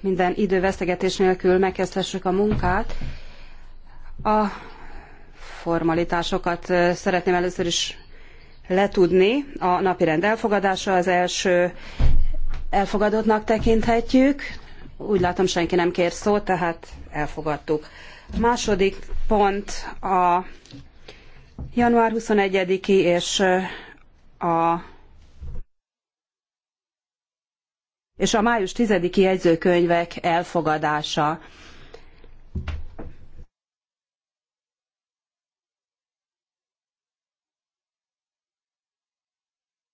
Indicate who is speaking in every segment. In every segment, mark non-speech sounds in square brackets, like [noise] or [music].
Speaker 1: minden idővesztegetés nélkül megkezdhessük a munkát. A formalitásokat szeretném először is letudni. A napirend elfogadása az első elfogadottnak tekinthetjük. Úgy látom, senki nem kér szót, tehát elfogadtuk. Második pont a január 21-i és a és a május 10-i jegyzőkönyvek elfogadása.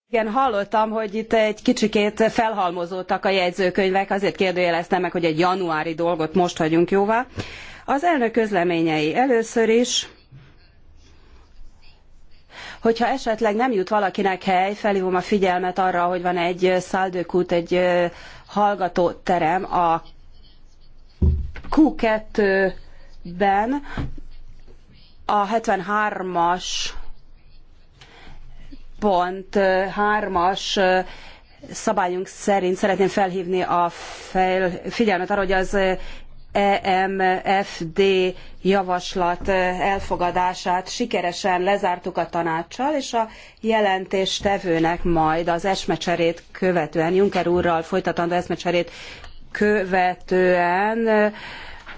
Speaker 1: Igen, hallottam, hogy itt egy kicsikét felhalmozódtak a jegyzőkönyvek, azért kérdőjeleztem meg, hogy egy januári dolgot most hagyunk jóvá. Az elnök közleményei először is Hogyha esetleg nem jut valakinek hely, felhívom a figyelmet arra, hogy van egy száldőkút, egy hallgatóterem a Q2-ben, a 73-as pont 3-as szabályunk szerint szeretném felhívni a figyelmet arra, hogy az EMFD javaslat e, elfogadását sikeresen lezártuk a tanácssal, és a jelentéstevőnek majd az eszmecserét követően, Juncker úrral folytatandó eszmecserét követően e,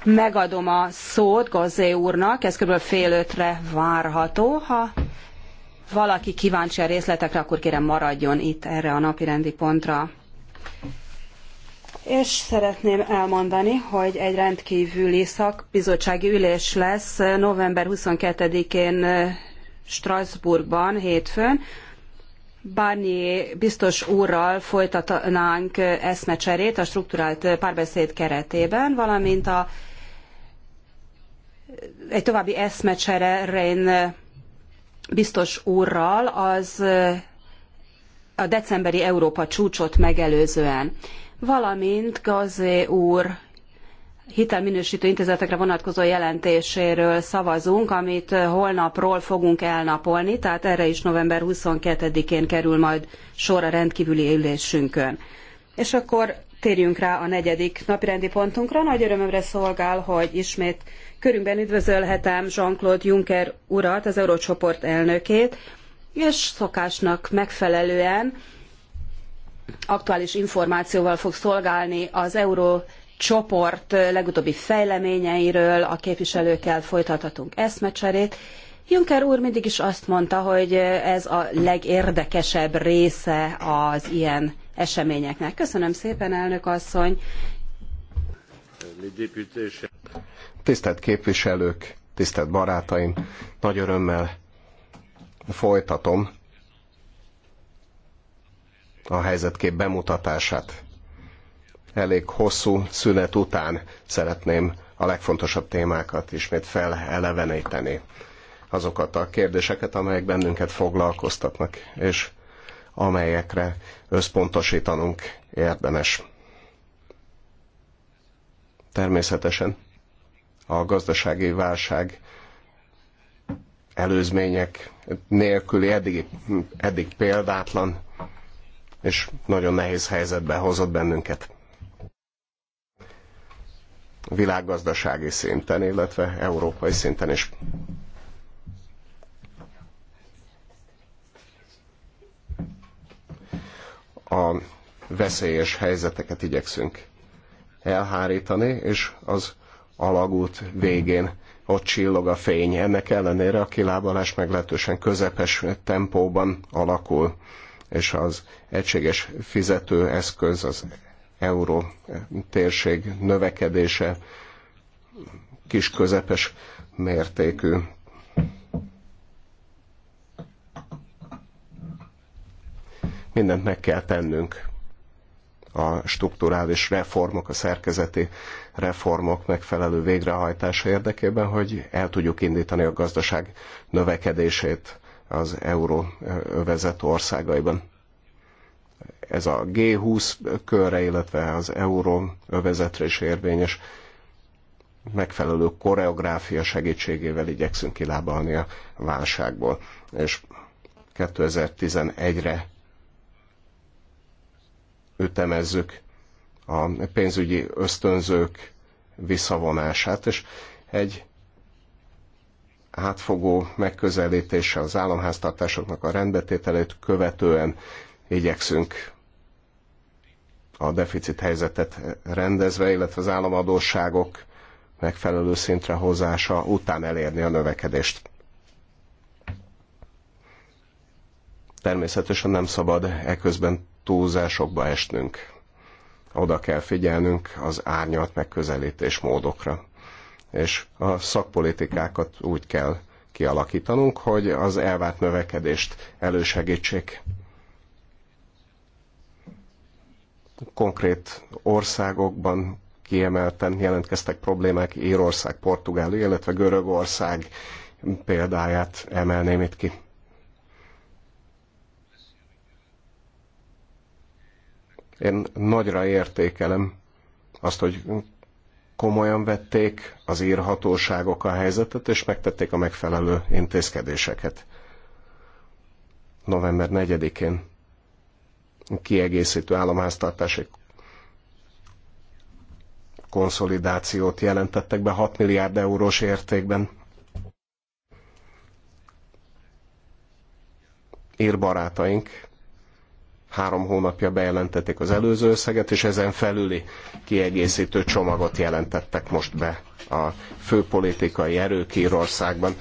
Speaker 1: megadom a szót Gozé úrnak, ez kb. fél ötre várható. Ha valaki kíváncsi a részletekre, akkor kérem maradjon itt erre a napirendi pontra és szeretném elmondani, hogy egy rendkívüli szakbizottsági ülés lesz november 22-én Strasbourgban, hétfőn. Barnier biztos úrral folytatnánk eszmecserét a strukturált párbeszéd keretében, valamint a egy további eszmecsere Rein biztos úrral az a decemberi Európa csúcsot megelőzően valamint Gazé úr hitelminősítő intézetekre vonatkozó jelentéséről szavazunk, amit holnapról fogunk elnapolni, tehát erre is november 22-én kerül majd sor a rendkívüli ülésünkön. És akkor térjünk rá a negyedik napirendi pontunkra. Nagy örömömre szolgál, hogy ismét körünkben üdvözölhetem Jean-Claude Juncker urat, az Eurócsoport elnökét, és szokásnak megfelelően aktuális információval fog szolgálni az euró csoport legutóbbi fejleményeiről, a képviselőkkel folytathatunk eszmecserét. Juncker úr mindig is azt mondta, hogy ez a legérdekesebb része az ilyen eseményeknek. Köszönöm szépen, elnök asszony!
Speaker 2: Tisztelt képviselők, tisztelt barátaim, nagy örömmel folytatom a helyzetkép bemutatását. Elég hosszú szünet után szeretném a legfontosabb témákat ismét feleleveníteni. Azokat a kérdéseket, amelyek bennünket foglalkoztatnak, és amelyekre összpontosítanunk érdemes. Természetesen a gazdasági válság előzmények nélküli eddig, eddig példátlan és nagyon nehéz helyzetbe hozott bennünket világgazdasági szinten, illetve európai szinten is. A veszélyes helyzeteket igyekszünk elhárítani, és az alagút végén ott csillog a fény. Ennek ellenére a kilábalás meglehetősen közepes tempóban alakul és az egységes fizetőeszköz, az euró térség növekedése kis közepes mértékű. Mindent meg kell tennünk a strukturális reformok, a szerkezeti reformok megfelelő végrehajtása érdekében, hogy el tudjuk indítani a gazdaság növekedését az euróövezet országaiban. Ez a G20 körre, illetve az euróövezetre is érvényes megfelelő koreográfia segítségével igyekszünk kilábalni a válságból. És 2011-re ütemezzük a pénzügyi ösztönzők visszavonását, és egy átfogó megközelítéssel az államháztartásoknak a rendbetételét követően igyekszünk a deficit helyzetet rendezve, illetve az államadóságok megfelelő szintre hozása után elérni a növekedést. Természetesen nem szabad eközben túlzásokba esnünk. Oda kell figyelnünk az árnyalt megközelítés módokra és a szakpolitikákat úgy kell kialakítanunk, hogy az elvárt növekedést elősegítsék. Konkrét országokban kiemelten jelentkeztek problémák, Írország, Portugália, illetve Görögország példáját emelném itt ki. Én nagyra értékelem azt, hogy komolyan vették az írhatóságok a helyzetet, és megtették a megfelelő intézkedéseket. November 4-én kiegészítő államháztartási konszolidációt jelentettek be 6 milliárd eurós értékben. Érbarátaink. barátaink három hónapja bejelentették az előző összeget, és ezen felüli kiegészítő csomagot jelentettek most be a főpolitikai erők Írországban.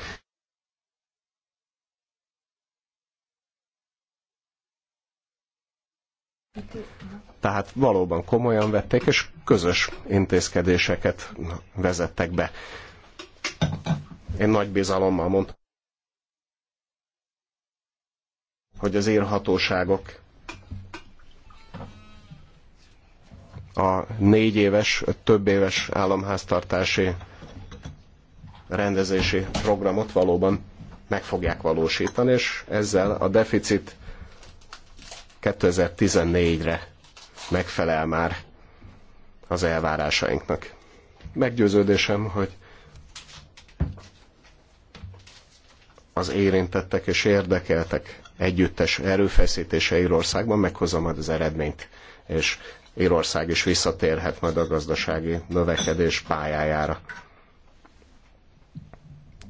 Speaker 2: Tehát valóban komolyan vették, és közös intézkedéseket vezettek be. Én nagy bizalommal mondtam, hogy az írhatóságok a négy éves, több éves államháztartási rendezési programot valóban meg fogják valósítani, és ezzel a deficit 2014-re megfelel már az elvárásainknak. Meggyőződésem, hogy az érintettek és érdekeltek együttes erőfeszítése Írországban meghozza majd az eredményt, és Írország is visszatérhet majd a gazdasági növekedés pályájára.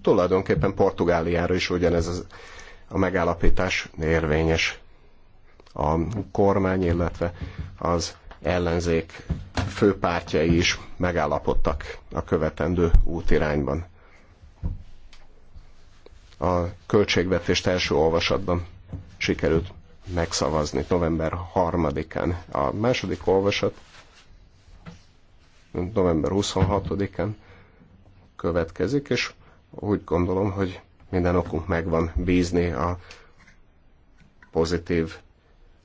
Speaker 2: Tulajdonképpen Portugáliára is ugyanez a megállapítás érvényes. A kormány, illetve az ellenzék főpártjai is megállapodtak a követendő útirányban. A költségvetést első olvasatban sikerült megszavazni november 3-án. A második olvasat november 26-án következik, és úgy gondolom, hogy minden okunk megvan bízni a pozitív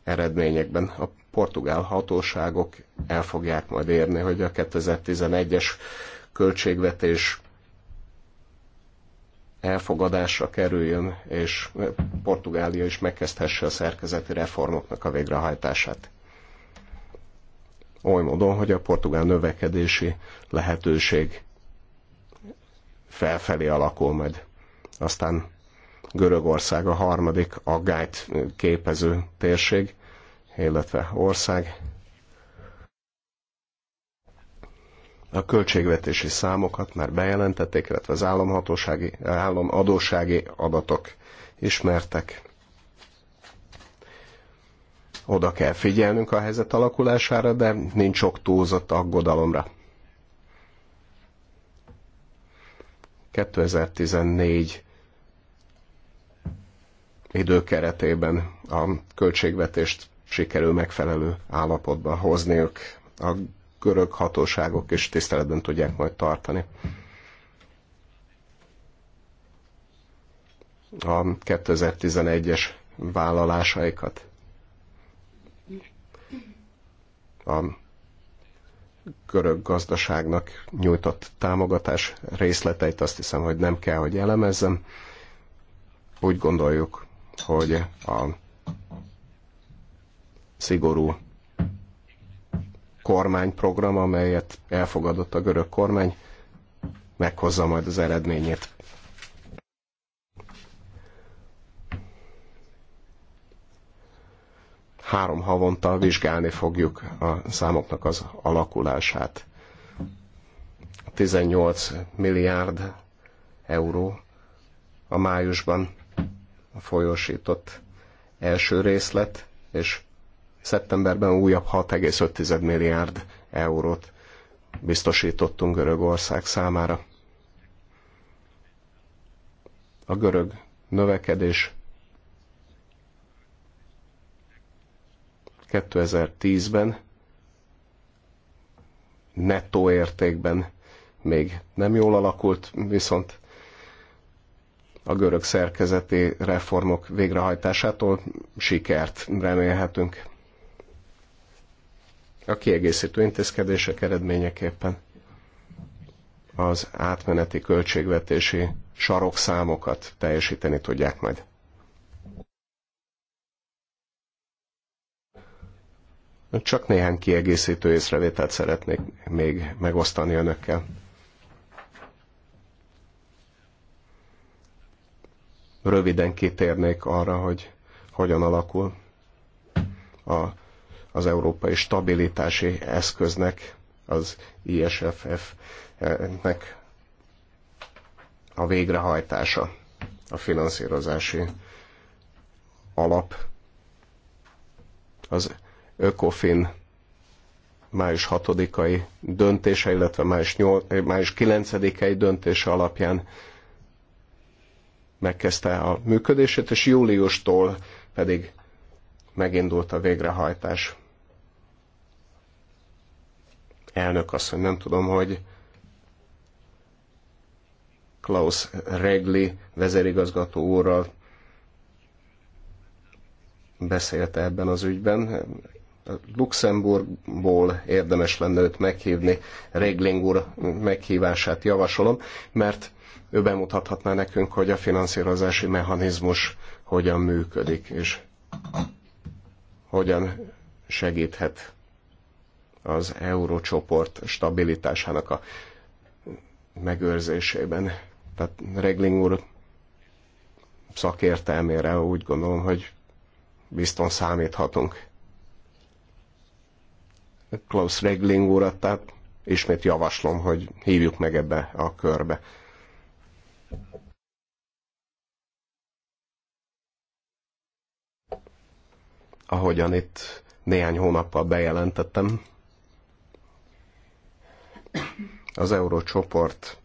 Speaker 2: eredményekben. A portugál hatóságok el fogják majd érni, hogy a 2011-es költségvetés elfogadásra kerüljön, és Portugália is megkezdhesse a szerkezeti reformoknak a végrehajtását. Oly módon, hogy a portugál növekedési lehetőség felfelé alakul majd. Aztán Görögország a harmadik aggályt képező térség, illetve ország. A költségvetési számokat már bejelentették, illetve az államhatósági, államadósági adatok ismertek. Oda kell figyelnünk a helyzet alakulására, de nincs sok túlzott aggodalomra. 2014 időkeretében a költségvetést sikerül megfelelő állapotba hozniuk. A görög hatóságok és tiszteletben tudják majd tartani. A 2011-es vállalásaikat. A görög gazdaságnak nyújtott támogatás részleteit azt hiszem, hogy nem kell, hogy elemezzem. Úgy gondoljuk, hogy a szigorú kormányprogram, amelyet elfogadott a görög kormány, meghozza majd az eredményét. Három havonta vizsgálni fogjuk a számoknak az alakulását. 18 milliárd euró a májusban a folyósított első részlet, és Szeptemberben újabb 6,5 milliárd eurót biztosítottunk Görögország számára. A görög növekedés 2010-ben nettó értékben még nem jól alakult, viszont a görög szerkezeti reformok végrehajtásától sikert remélhetünk a kiegészítő intézkedések eredményeképpen az átmeneti költségvetési sarokszámokat teljesíteni tudják majd. Csak néhány kiegészítő észrevételt szeretnék még megosztani önökkel. Röviden kitérnék arra, hogy hogyan alakul a az európai stabilitási eszköznek, az ISFF-nek a végrehajtása, a finanszírozási alap. Az Ökofin május 6-ai döntése, illetve május, 8, május 9-ai döntése alapján megkezdte a működését, és júliustól pedig megindult a végrehajtás. Elnök asszony, nem tudom, hogy Klaus Regli vezérigazgató úrral beszélte ebben az ügyben. Luxemburgból érdemes lenne őt meghívni, Regling úr meghívását javasolom, mert ő bemutathatná nekünk, hogy a finanszírozási mechanizmus hogyan működik, és hogyan segíthet az eurócsoport stabilitásának a megőrzésében. Tehát Regling úr szakértelmére úgy gondolom, hogy bizton számíthatunk. Klaus Regling urat, tehát ismét javaslom, hogy hívjuk meg ebbe a körbe. Ahogyan itt néhány hónappal bejelentettem, az eurócsoport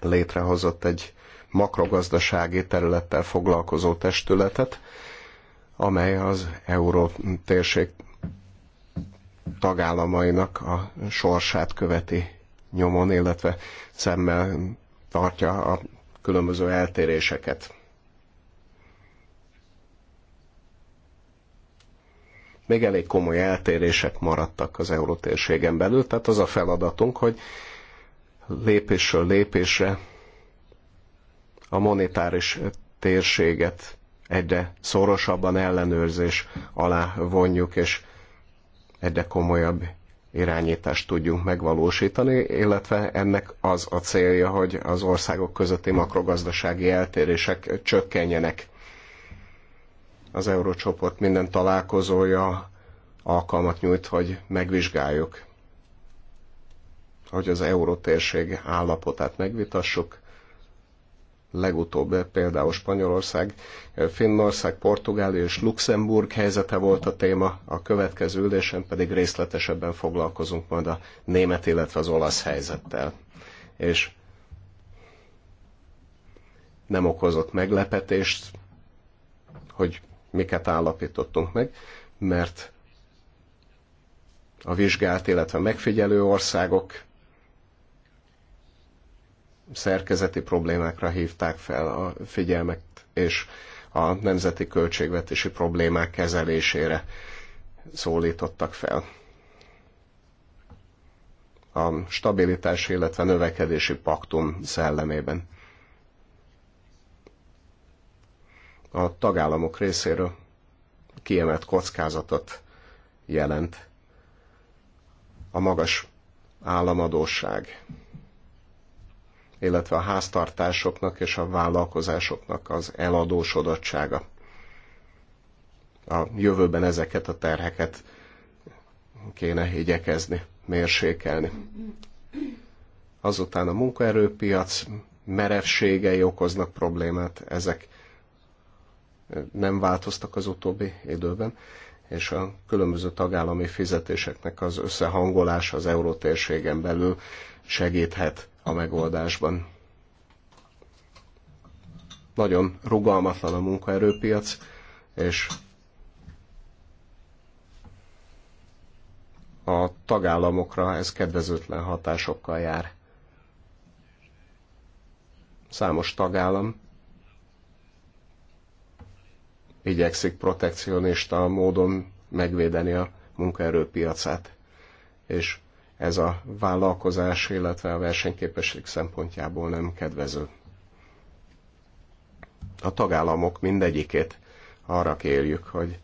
Speaker 2: létrehozott egy makrogazdasági területtel foglalkozó testületet, amely az euró térség tagállamainak a sorsát követi nyomon, illetve szemmel tartja a különböző eltéréseket. még elég komoly eltérések maradtak az eurótérségen belül, tehát az a feladatunk, hogy lépésről lépésre a monetáris térséget egyre szorosabban ellenőrzés alá vonjuk, és egyre komolyabb irányítást tudjunk megvalósítani, illetve ennek az a célja, hogy az országok közötti makrogazdasági eltérések csökkenjenek az eurócsoport minden találkozója alkalmat nyújt, hogy megvizsgáljuk, hogy az eurótérség állapotát megvitassuk. Legutóbb például Spanyolország, Finnország, Portugália és Luxemburg helyzete volt a téma, a következő ülésen pedig részletesebben foglalkozunk majd a német, illetve az olasz helyzettel. És nem okozott meglepetést, hogy miket állapítottunk meg, mert a vizsgált, illetve megfigyelő országok szerkezeti problémákra hívták fel a figyelmet, és a nemzeti költségvetési problémák kezelésére szólítottak fel. A stabilitási, illetve növekedési paktum szellemében. a tagállamok részéről kiemelt kockázatot jelent a magas államadóság, illetve a háztartásoknak és a vállalkozásoknak az eladósodottsága. A jövőben ezeket a terheket kéne igyekezni, mérsékelni. Azután a munkaerőpiac merevségei okoznak problémát, ezek nem változtak az utóbbi időben, és a különböző tagállami fizetéseknek az összehangolása az eurótérségen belül segíthet a megoldásban. Nagyon rugalmatlan a munkaerőpiac, és a tagállamokra ez kedvezőtlen hatásokkal jár. Számos tagállam igyekszik protekcionista módon megvédeni a munkaerőpiacát. És ez a vállalkozás, illetve a versenyképesség szempontjából nem kedvező. A tagállamok mindegyikét arra kérjük, hogy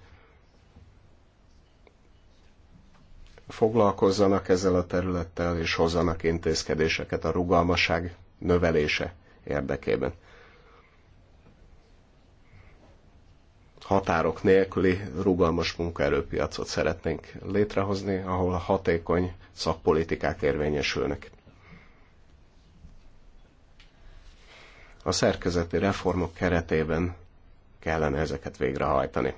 Speaker 2: foglalkozzanak ezzel a területtel, és hozzanak intézkedéseket a rugalmaság növelése érdekében. határok nélküli rugalmas munkaerőpiacot szeretnénk létrehozni, ahol a hatékony szakpolitikák érvényesülnek. A szerkezeti reformok keretében kellene ezeket végrehajtani.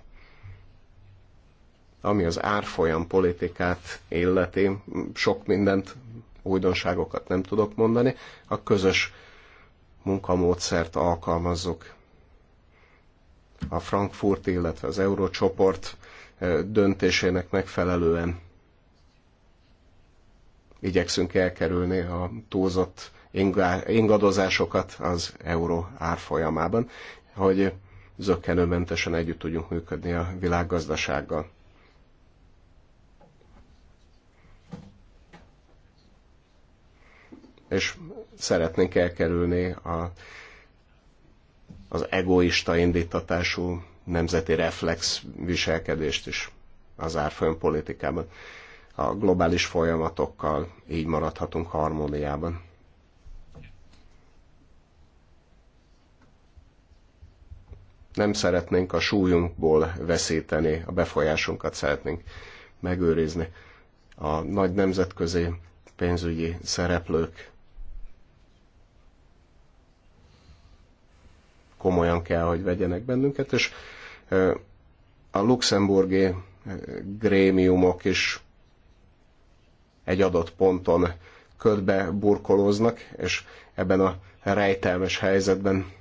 Speaker 2: Ami az árfolyam politikát illeti, sok mindent, újdonságokat nem tudok mondani, a közös munkamódszert alkalmazzuk a Frankfurt, illetve az Eurócsoport döntésének megfelelően igyekszünk elkerülni a túlzott ingadozásokat az euró árfolyamában, hogy zöggenőmentesen együtt tudjunk működni a világgazdasággal. És szeretnénk elkerülni a az egoista indítatású nemzeti reflex viselkedést is az árfolyam politikában. A globális folyamatokkal így maradhatunk harmóniában. Nem szeretnénk a súlyunkból veszíteni, a befolyásunkat szeretnénk megőrizni. A nagy nemzetközi pénzügyi szereplők komolyan kell, hogy vegyenek bennünket, és a luxemburgi grémiumok is egy adott ponton ködbe burkolóznak, és ebben a rejtelmes helyzetben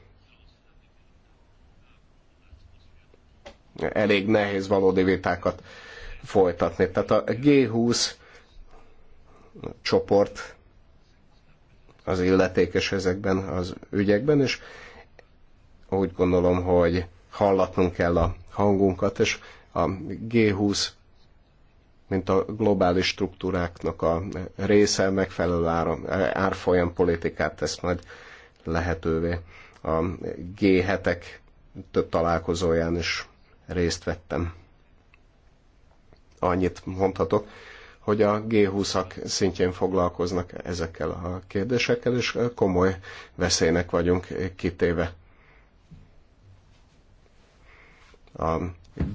Speaker 2: elég nehéz valódi vitákat folytatni. Tehát a G20 csoport az illetékes ezekben az ügyekben, és úgy gondolom, hogy hallatnunk kell a hangunkat, és a G20, mint a globális struktúráknak a része megfelelő áram, árfolyam politikát tesz majd lehetővé. A G7-ek több találkozóján is részt vettem. Annyit mondhatok, hogy a G20-ak szintjén foglalkoznak ezekkel a kérdésekkel, és komoly veszélynek vagyunk kitéve a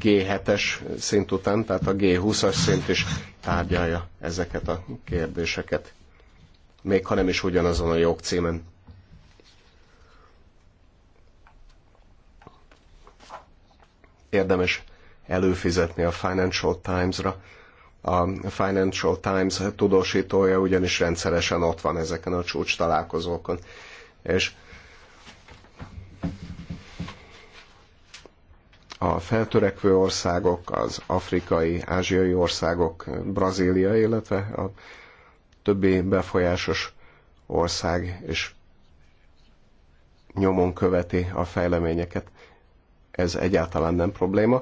Speaker 2: G7-es szint után, tehát a G20-as szint is tárgyalja ezeket a kérdéseket, még ha nem is ugyanazon a jogcímen. Érdemes előfizetni a Financial Times-ra. A Financial Times tudósítója ugyanis rendszeresen ott van ezeken a csúcs találkozókon. És a feltörekvő országok, az afrikai, ázsiai országok, Brazília, illetve a többi befolyásos ország is nyomon követi a fejleményeket. Ez egyáltalán nem probléma.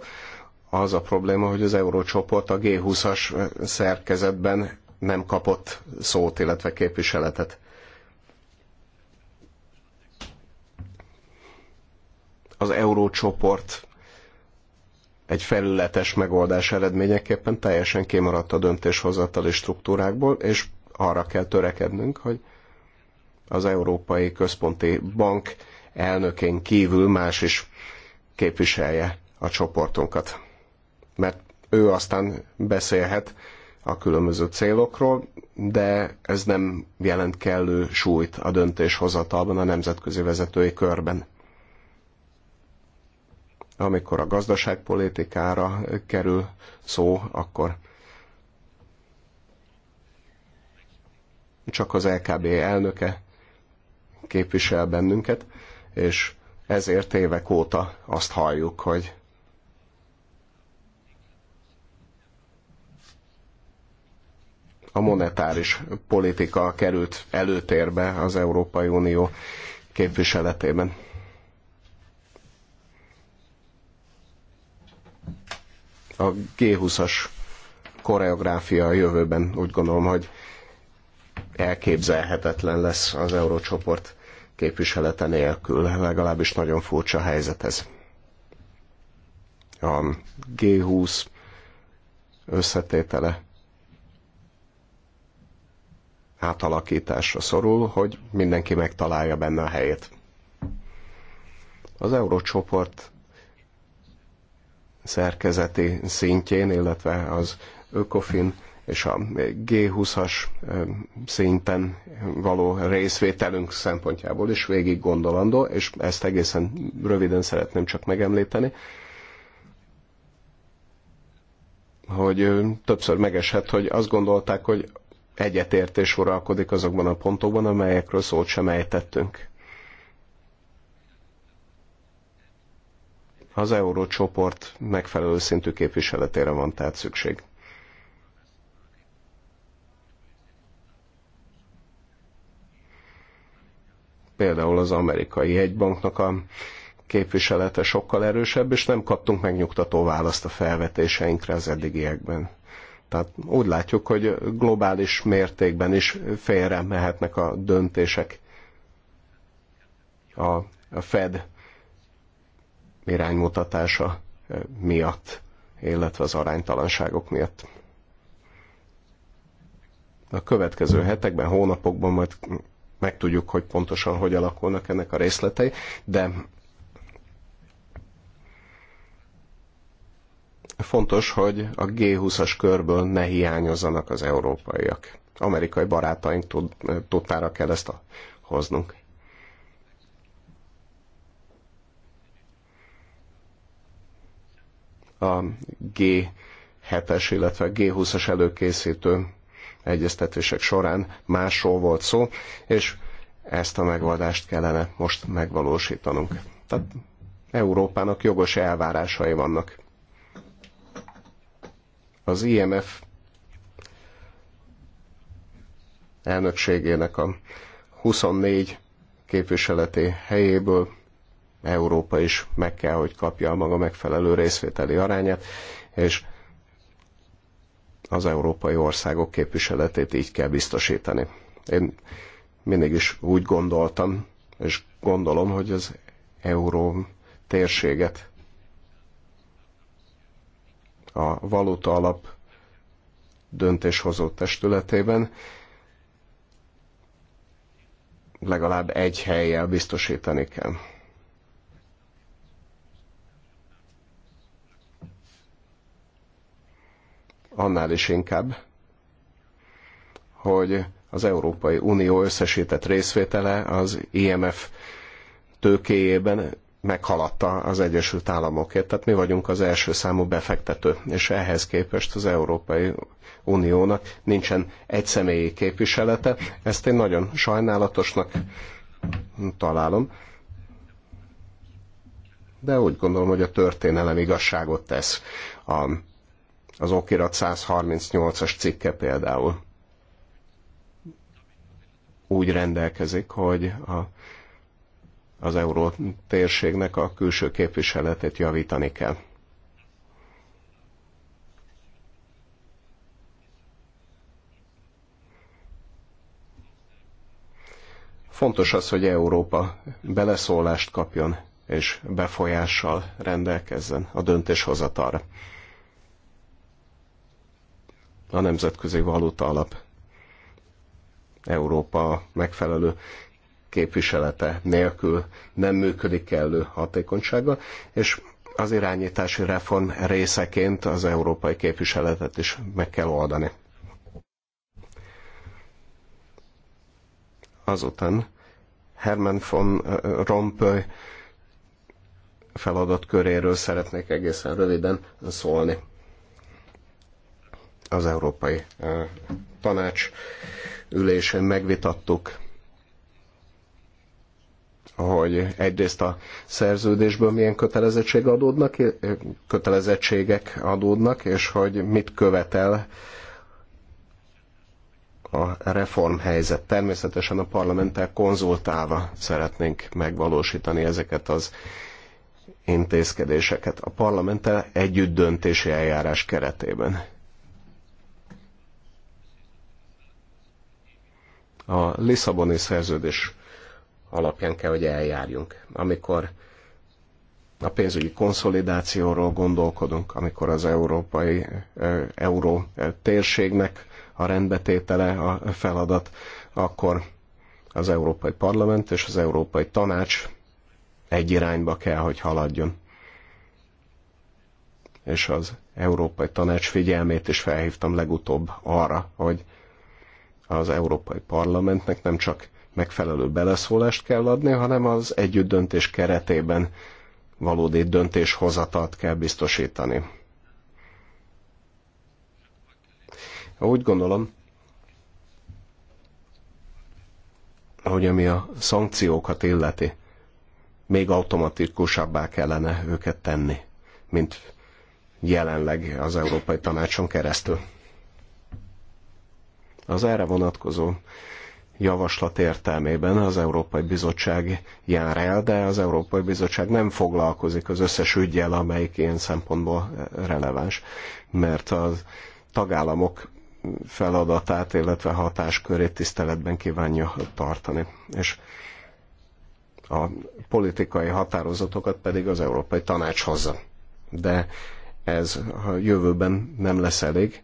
Speaker 2: Az a probléma, hogy az eurócsoport a G20-as szerkezetben nem kapott szót, illetve képviseletet. Az eurócsoport egy felületes megoldás eredményeképpen teljesen kimaradt a döntéshozatali struktúrákból, és arra kell törekednünk, hogy az Európai Központi Bank elnökén kívül más is képviselje a csoportunkat. Mert ő aztán beszélhet a különböző célokról, de ez nem jelent kellő súlyt a döntéshozatalban a nemzetközi vezetői körben amikor a gazdaságpolitikára kerül szó, akkor csak az LKB elnöke képvisel bennünket, és ezért évek óta azt halljuk, hogy a monetáris politika került előtérbe az Európai Unió képviseletében. a G20-as koreográfia a jövőben úgy gondolom, hogy elképzelhetetlen lesz az eurócsoport képviselete nélkül, legalábbis nagyon furcsa helyzet ez. A G20 összetétele átalakításra szorul, hogy mindenki megtalálja benne a helyét. Az eurócsoport szerkezeti szintjén, illetve az ÖKOFIN és a G20-as szinten való részvételünk szempontjából is végig gondolandó, és ezt egészen röviden szeretném csak megemlíteni, hogy többször megesett, hogy azt gondolták, hogy egyetértés uralkodik azokban a pontokban, amelyekről szót sem ejtettünk. az eurócsoport megfelelő szintű képviseletére van tehát szükség. Például az amerikai jegybanknak a képviselete sokkal erősebb, és nem kaptunk megnyugtató választ a felvetéseinkre az eddigiekben. Tehát úgy látjuk, hogy globális mértékben is félre mehetnek a döntések. A Fed iránymutatása eh, miatt, illetve az aránytalanságok miatt. A következő hetekben, hónapokban majd megtudjuk, hogy pontosan hogy alakulnak ennek a részletei, de fontos, hogy a G20-as körből ne hiányozzanak az európaiak. Amerikai barátaink tud, tudtára kell ezt a, hoznunk. a G7-es, illetve G20-as előkészítő egyeztetések során másról volt szó, és ezt a megoldást kellene most megvalósítanunk. Tehát Európának jogos elvárásai vannak. Az IMF elnökségének a 24 képviseleti helyéből Európa is meg kell, hogy kapja a maga megfelelő részvételi arányát, és az európai országok képviseletét így kell biztosítani. Én mindig is úgy gondoltam, és gondolom, hogy az euró térséget a valuta alap döntéshozó testületében legalább egy helyjel biztosítani kell. annál is inkább, hogy az Európai Unió összesített részvétele az IMF tőkéjében meghaladta az Egyesült Államokért, tehát mi vagyunk az első számú befektető, és ehhez képest az Európai Uniónak nincsen egy személyi képviselete. Ezt én nagyon sajnálatosnak találom, de úgy gondolom, hogy a történelem igazságot tesz. A az okirat 138-as cikke például úgy rendelkezik, hogy a, az euró térségnek a külső képviseletét javítani kell. Fontos az, hogy Európa beleszólást kapjon és befolyással rendelkezzen a döntéshozatalra a Nemzetközi Valuta Alap Európa megfelelő képviselete nélkül nem működik kellő hatékonysága, és az irányítási reform részeként az európai képviseletet is meg kell oldani. Azután Herman von Rompuy köréről szeretnék egészen röviden szólni az Európai Tanács ülésén megvitattuk, hogy egyrészt a szerződésből milyen kötelezettség adódnak, kötelezettségek adódnak, és hogy mit követel a reformhelyzet. Természetesen a parlamenttel konzultálva szeretnénk megvalósítani ezeket az intézkedéseket a parlamenttel együtt döntési eljárás keretében. a Lisszaboni szerződés alapján kell, hogy eljárjunk. Amikor a pénzügyi konszolidációról gondolkodunk, amikor az európai euró térségnek a rendbetétele a feladat, akkor az Európai Parlament és az Európai Tanács egy irányba kell, hogy haladjon. És az Európai Tanács figyelmét is felhívtam legutóbb arra, hogy az Európai Parlamentnek nem csak megfelelő beleszólást kell adni, hanem az együtt döntés keretében valódi döntéshozatat kell biztosítani. Úgy gondolom, hogy ami a szankciókat illeti, még automatikusabbá kellene őket tenni, mint jelenleg az Európai Tanácson keresztül. Az erre vonatkozó javaslat értelmében az Európai Bizottság jár el, de az Európai Bizottság nem foglalkozik az összes ügyjel, amelyik ilyen szempontból releváns, mert a tagállamok feladatát, illetve hatáskörét tiszteletben kívánja tartani. És a politikai határozatokat pedig az Európai Tanács hozza. De ez a jövőben nem lesz elég,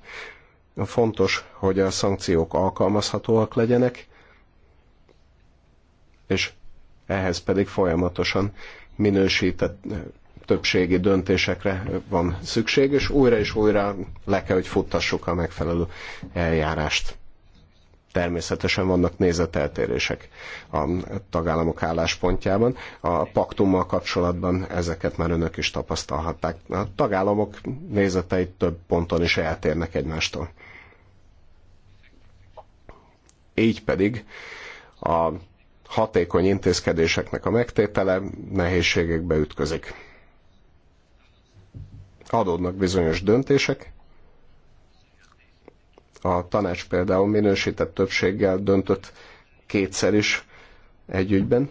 Speaker 2: Fontos, hogy a szankciók alkalmazhatóak legyenek, és ehhez pedig folyamatosan minősített eh, többségi döntésekre van szükség, és újra és újra le kell, hogy futtassuk a megfelelő eljárást. Természetesen vannak nézeteltérések a tagállamok álláspontjában. A paktummal kapcsolatban ezeket már önök is tapasztalhatták. A tagállamok nézetei több ponton is eltérnek egymástól. Így pedig a hatékony intézkedéseknek a megtétele nehézségekbe ütközik. Adódnak bizonyos döntések, a tanács például minősített többséggel döntött kétszer is egy ügyben,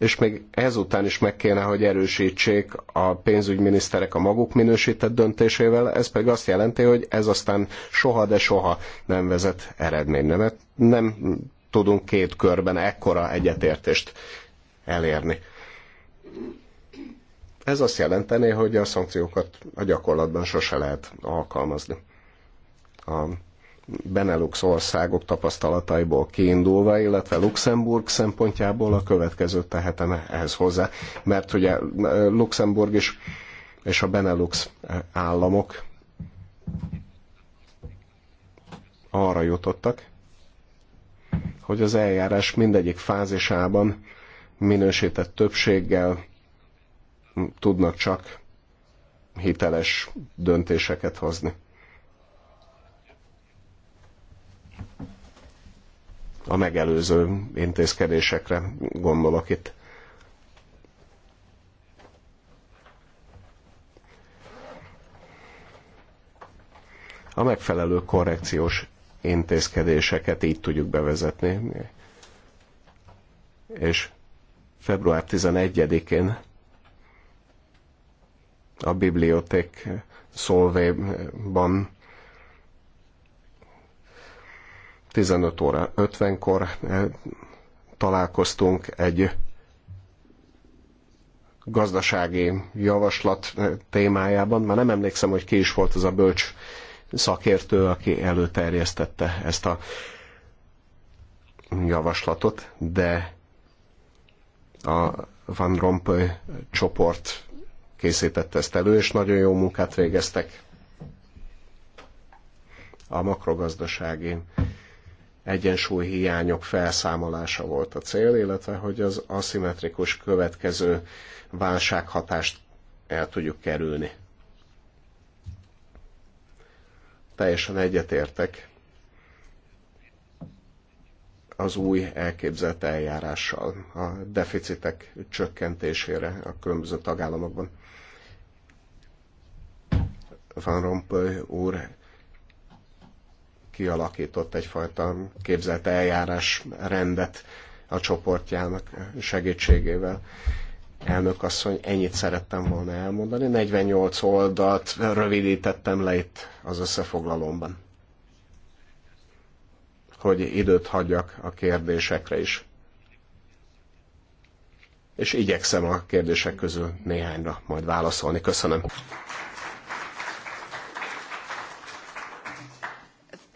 Speaker 2: és még ezután is meg kéne, hogy erősítsék a pénzügyminiszterek a maguk minősített döntésével, ez pedig azt jelenti, hogy ez aztán soha, de soha nem vezet eredményre, mert nem tudunk két körben ekkora egyetértést elérni. Ez azt jelenteni, hogy a szankciókat a gyakorlatban sose lehet alkalmazni. A Benelux országok tapasztalataiból kiindulva, illetve Luxemburg szempontjából a következőt tehetem ehhez hozzá, mert ugye eh, Luxemburg is és a Benelux eh, államok arra jutottak, hogy az eljárás mindegyik fázisában minősített többséggel tudnak csak hiteles döntéseket hozni. a megelőző intézkedésekre gondolok itt. A megfelelő korrekciós intézkedéseket így tudjuk bevezetni. És február 11-én a bibliotek szolvéban 15 óra 50-kor eh, találkoztunk egy gazdasági javaslat eh, témájában. Már nem emlékszem, hogy ki is volt az a bölcs szakértő, aki előterjesztette ezt a javaslatot, de a Van Rompuy csoport készítette ezt elő, és nagyon jó munkát végeztek a makrogazdasági hiányok felszámolása volt a cél, illetve hogy az aszimmetrikus következő válsághatást el tudjuk kerülni. Teljesen egyetértek az új elképzelt eljárással a deficitek csökkentésére a különböző tagállamokban. Van Rompuy úr kialakított egyfajta képzelt eljárás rendet a csoportjának segítségével. Elnök asszony, ennyit szerettem volna elmondani. 48 oldalt rövidítettem le itt az összefoglalomban, hogy időt hagyjak a kérdésekre is. És igyekszem a kérdések közül néhányra majd válaszolni. Köszönöm.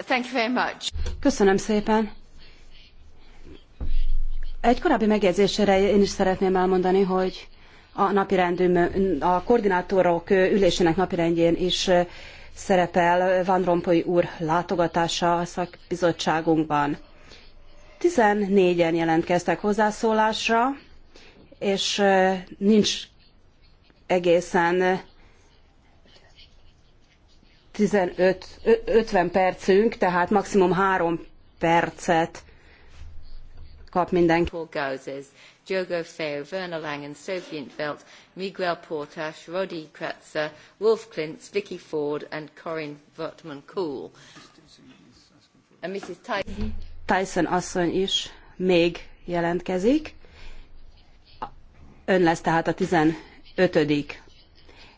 Speaker 1: Thank you very much. Köszönöm szépen. Egy korábbi megjegyzésére én is szeretném elmondani, hogy a napirendüm, a koordinátorok ülésének napirendjén is szerepel Van Rompuy úr látogatása a szakbizottságunkban. 14-en jelentkeztek hozzászólásra, és nincs egészen 15, 50 percünk, tehát maximum 3 percet kap mindenki.
Speaker 3: Paul Gauzes, Jogo Feo, Werner Langen,
Speaker 4: Sophie Intveld, Miguel Portas, Roddy Kratzer, Wolf Klintz, Vicky Ford and Corinne Votman Cool. And Mrs. Tyson.
Speaker 1: Tyson asszony is még jelentkezik. Ön lesz tehát a 15.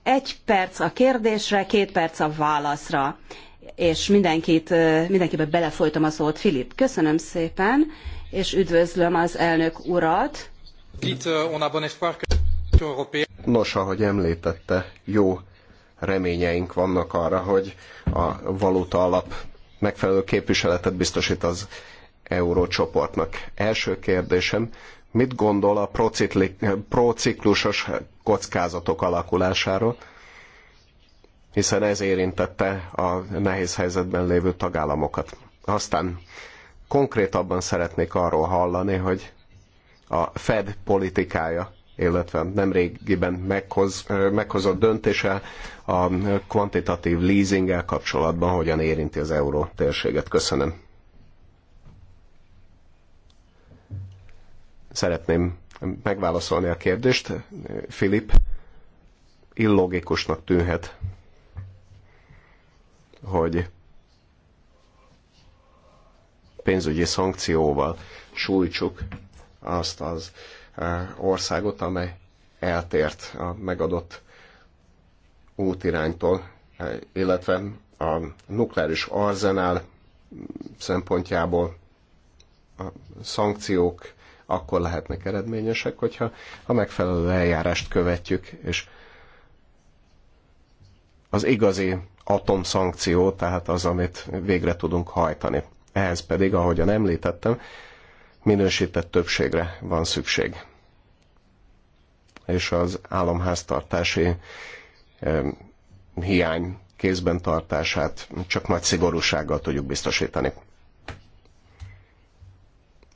Speaker 1: Egy perc a kérdésre, két perc a válaszra. És mindenkit, mindenkibe belefolytom a szót. Filip, köszönöm szépen, és üdvözlöm az elnök urat.
Speaker 2: Nos, ahogy említette, jó reményeink vannak arra, hogy a valuta alap megfelelő képviseletet biztosít az eurócsoportnak. Első kérdésem, Mit gondol a prociklusos kockázatok alakulásáról? Hiszen ez érintette a nehéz helyzetben lévő tagállamokat. Aztán konkrétabban szeretnék arról hallani, hogy a Fed politikája, illetve nemrégiben meghoz, meghozott döntése a kvantitatív leasinggel kapcsolatban hogyan érinti az euró térséget. Köszönöm. szeretném megválaszolni a kérdést. Filip, illogikusnak tűnhet, hogy pénzügyi szankcióval sújtsuk azt az e, országot, amely eltért a megadott útiránytól, e, illetve a nukleáris arzenál szempontjából a szankciók akkor lehetnek eredményesek, hogyha a megfelelő eljárást követjük, és az igazi atomszankció, tehát az, amit végre tudunk hajtani. Ehhez pedig, ahogyan említettem, minősített többségre van szükség. És az államháztartási hiány kézben tartását csak nagy szigorúsággal tudjuk biztosítani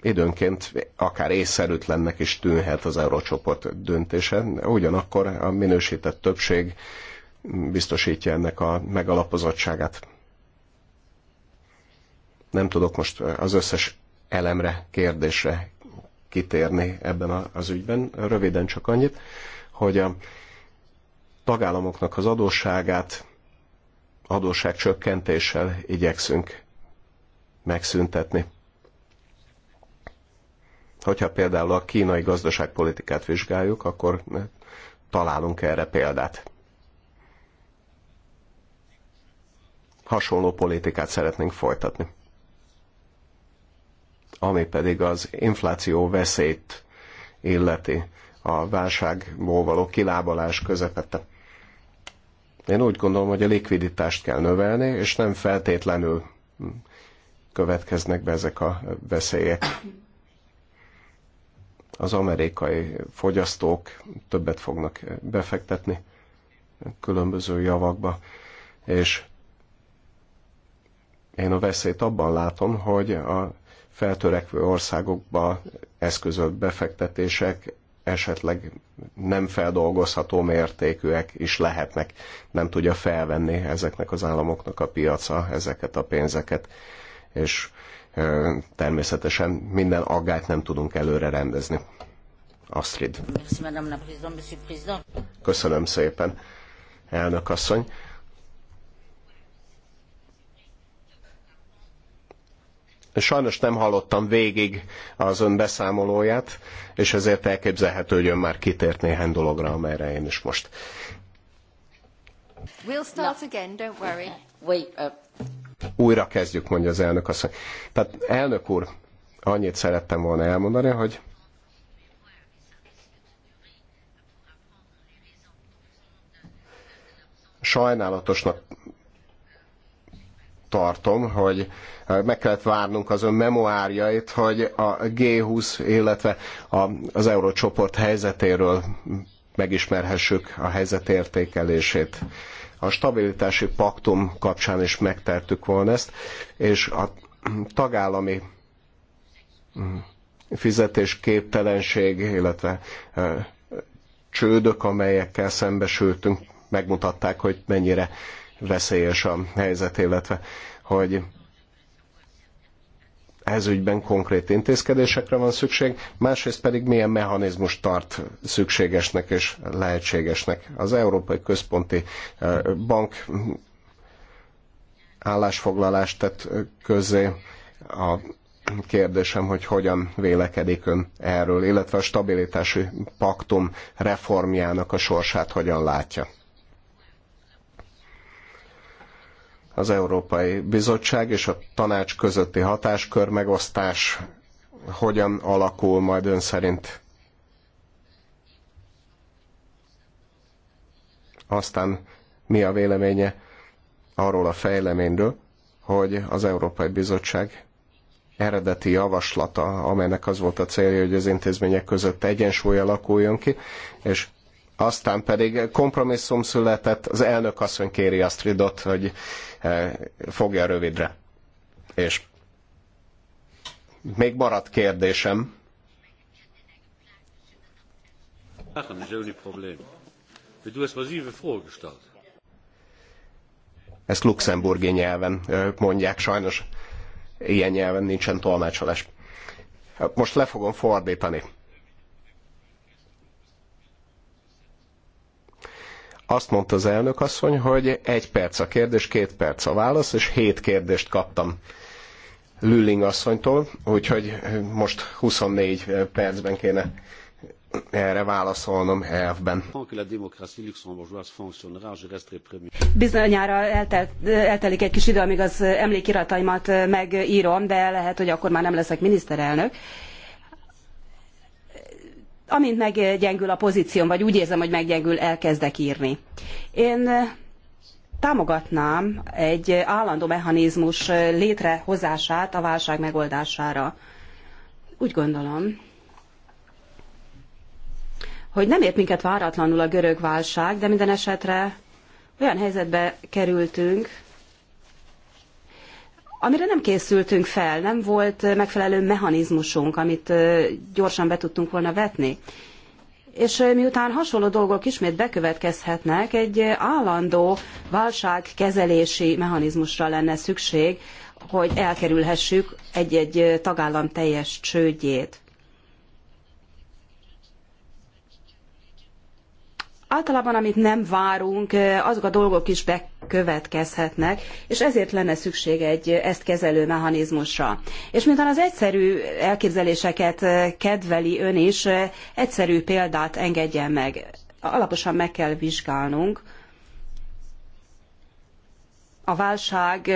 Speaker 2: időnként akár észszerűtlennek is tűnhet az eurócsoport döntése, ugyanakkor a minősített többség biztosítja ennek a megalapozottságát. Nem tudok most az összes elemre, kérdésre kitérni ebben az ügyben. Röviden csak annyit, hogy a tagállamoknak az adósságát adósságcsökkentéssel igyekszünk megszüntetni Hogyha például a kínai gazdaságpolitikát vizsgáljuk, akkor találunk erre példát. Hasonló politikát szeretnénk folytatni. Ami pedig az infláció veszélyt illeti a válságból való kilábalás közepette. Én úgy gondolom, hogy a likviditást kell növelni, és nem feltétlenül következnek be ezek a veszélyek az amerikai fogyasztók többet fognak befektetni különböző javakba, és én a veszélyt abban látom, hogy a feltörekvő országokba eszközölt befektetések esetleg nem feldolgozható mértékűek is lehetnek. Nem tudja felvenni ezeknek az államoknak a piaca ezeket a pénzeket, és természetesen minden aggát nem tudunk előre rendezni. Astrid. Köszönöm szépen, elnök asszony. Sajnos nem hallottam végig az ön beszámolóját, és ezért elképzelhető, hogy ön már kitért néhány dologra, amelyre én is most.
Speaker 4: We'll start again, don't worry. Wait, uh,
Speaker 2: újra kezdjük, mondja az elnök asszony. Tehát elnök úr, annyit szerettem volna elmondani, hogy sajnálatosnak tartom, hogy eh, meg kellett várnunk az ön memoárjait, hogy a G20, illetve az eurócsoport helyzetéről megismerhessük a helyzet értékelését a stabilitási paktum kapcsán is megtertük volna ezt, és a tagállami mm, fizetésképtelenség, illetve csődök, amelyekkel szembesültünk, megmutatták, hogy mennyire veszélyes a helyzet, illetve hogy ez ügyben konkrét intézkedésekre van szükség, másrészt pedig milyen mechanizmus tart szükségesnek és lehetségesnek. Az Európai Központi Bank állásfoglalást tett közzé a kérdésem, hogy hogyan vélekedik ön erről, illetve a stabilitási paktum reformjának a sorsát hogyan látja. az Európai Bizottság és a tanács közötti hatáskör megosztás hogyan alakul majd ön szerint? Aztán mi a véleménye arról a fejleményről, hogy az Európai Bizottság eredeti javaslata, amelynek az volt a célja, hogy az intézmények között egyensúly alakuljon ki, és aztán pedig kompromisszum született, az elnök asszony kéri Astridot, hogy eh, fogja rövidre. És még maradt kérdésem. Ezt luxemburgi nyelven eh, mondják sajnos. Ilyen nyelven nincsen tolmácsolás. Most le fogom fordítani Azt mondta az elnök asszony, hogy egy perc a kérdés, két perc a válasz, és hét kérdést kaptam Lülling asszonytól, úgyhogy most 24 percben kéne erre válaszolnom elfben. Bizonyára eltelt,
Speaker 1: eltelik egy kis idő, amíg az emlékirataimat megírom, de lehet, hogy akkor már nem leszek miniszterelnök amint meggyengül a pozícióm, vagy úgy érzem, hogy meggyengül, elkezdek írni. Én eh, támogatnám egy állandó mechanizmus eh, létrehozását a válság megoldására. Úgy gondolom, hogy nem ért minket váratlanul a görög válság, de minden esetre olyan helyzetbe kerültünk, amire nem készültünk fel, nem volt eh, megfelelő mechanizmusunk, amit eh, gyorsan be tudtunk volna vetni. És eh, miután hasonló dolgok ismét bekövetkezhetnek, egy állandó válságkezelési mechanizmusra lenne szükség, hogy elkerülhessük egy-egy tagállam teljes csődjét. általában amit nem várunk, azok a dolgok is bekövetkezhetnek, és ezért lenne szükség egy ezt kezelő mechanizmusra. És miután az egyszerű elképzeléseket kedveli ön is, egyszerű példát engedjen meg. Alaposan meg kell vizsgálnunk a válság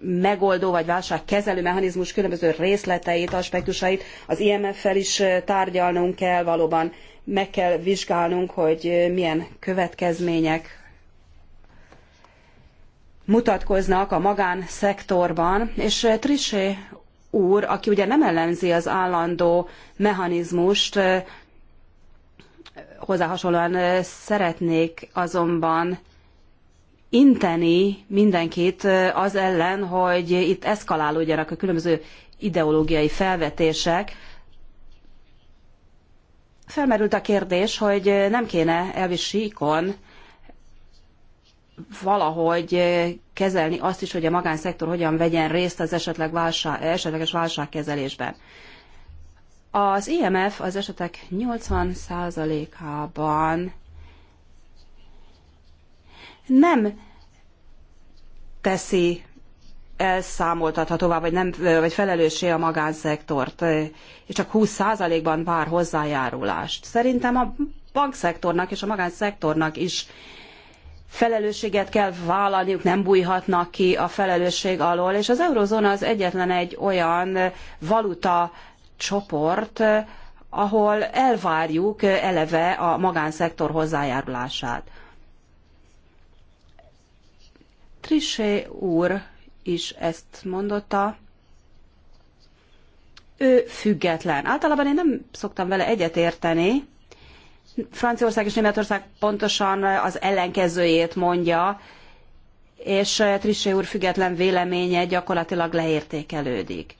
Speaker 1: megoldó vagy válságkezelő mechanizmus különböző részleteit, aspektusait, az IMF-fel is tárgyalnunk kell valóban meg kell vizsgálnunk, hogy milyen következmények mutatkoznak a magánszektorban, és Trisé úr, aki ugye nem ellenzi az állandó mechanizmust, hozzá hasonlóan szeretnék azonban inteni mindenkit az ellen, hogy itt eszkalálódjanak a különböző ideológiai felvetések, Felmerült a kérdés, hogy nem kéne elvi síkon valahogy kezelni azt is, hogy a magánszektor hogyan vegyen részt az esetleg válság, esetleges válságkezelésben. Az IMF az esetek 80%-ában nem teszi elszámoltathatóvá, vagy, nem, vagy felelőssé a magánszektort, és csak 20%-ban vár hozzájárulást. Szerintem a bankszektornak és a magánszektornak is felelősséget kell vállalniuk, nem bújhatnak ki a felelősség alól, és az eurozóna az egyetlen egy olyan valuta csoport, ahol elvárjuk eleve a magánszektor hozzájárulását. Trisé úr is ezt mondotta, ő független. Általában én nem szoktam vele egyetérteni. Franciaország és Németország pontosan az ellenkezőjét mondja, és Trissé úr független véleménye gyakorlatilag leértékelődik.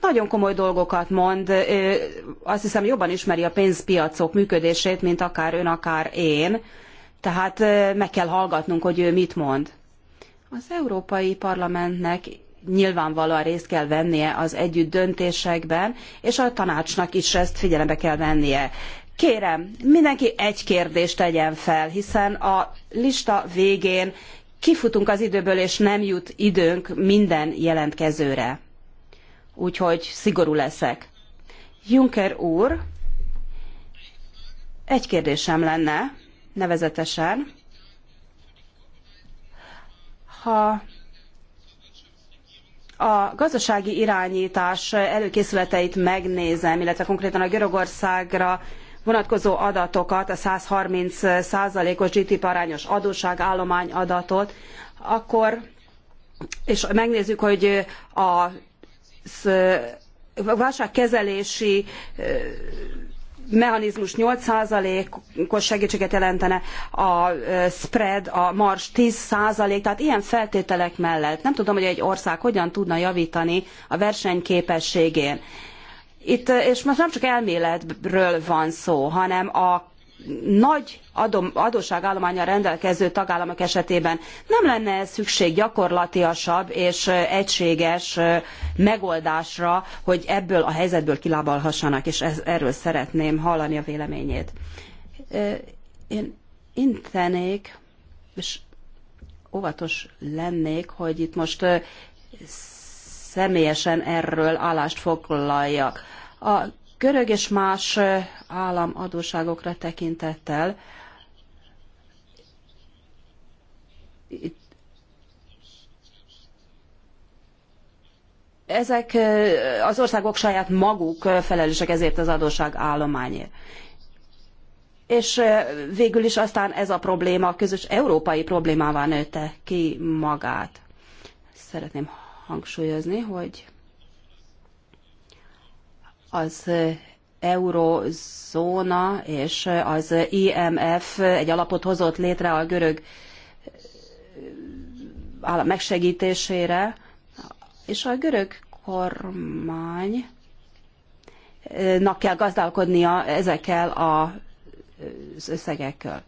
Speaker 1: Nagyon komoly dolgokat mond, azt hiszem jobban ismeri a pénzpiacok működését, mint akár ön, akár én. Tehát meg kell hallgatnunk, hogy ő mit mond. Az Európai Parlamentnek nyilvánvalóan részt kell vennie az együtt döntésekben, és a tanácsnak is ezt figyelembe kell vennie. Kérem, mindenki egy kérdést tegyen fel, hiszen a lista végén kifutunk az időből, és nem jut időnk minden jelentkezőre. Úgyhogy szigorú leszek. Juncker úr, egy kérdésem lenne, nevezetesen, ha a gazdasági irányítás előkészületeit megnézem, illetve konkrétan a Görögországra vonatkozó adatokat, a 130 os GDP arányos adósságállomány adatot, akkor, és megnézzük, hogy a válságkezelési mechanizmus 8%-os segítséget jelentene, a spread, a mars 10%, tehát ilyen feltételek mellett nem tudom, hogy egy ország hogyan tudna javítani a versenyképességén. Itt, és most nem csak elméletről van szó, hanem a nagy adom, adósságállománya rendelkező tagállamok esetében nem lenne ez szükség gyakorlatiasabb és egységes megoldásra, hogy ebből a helyzetből kilábalhassanak, és ez, erről szeretném hallani a véleményét. Én intenék, és óvatos lennék, hogy itt most személyesen erről állást foglaljak. A görög és más állam adóságokra tekintettel. Itt ezek az országok saját maguk felelősek ezért az adósság állományért. És végül is aztán ez a probléma közös európai problémává nőtte ki magát. Szeretném hangsúlyozni, hogy az eurozóna és az IMF egy alapot hozott létre a görög állam megsegítésére, és a görög kormánynak kell gazdálkodnia ezekkel az összegekkel.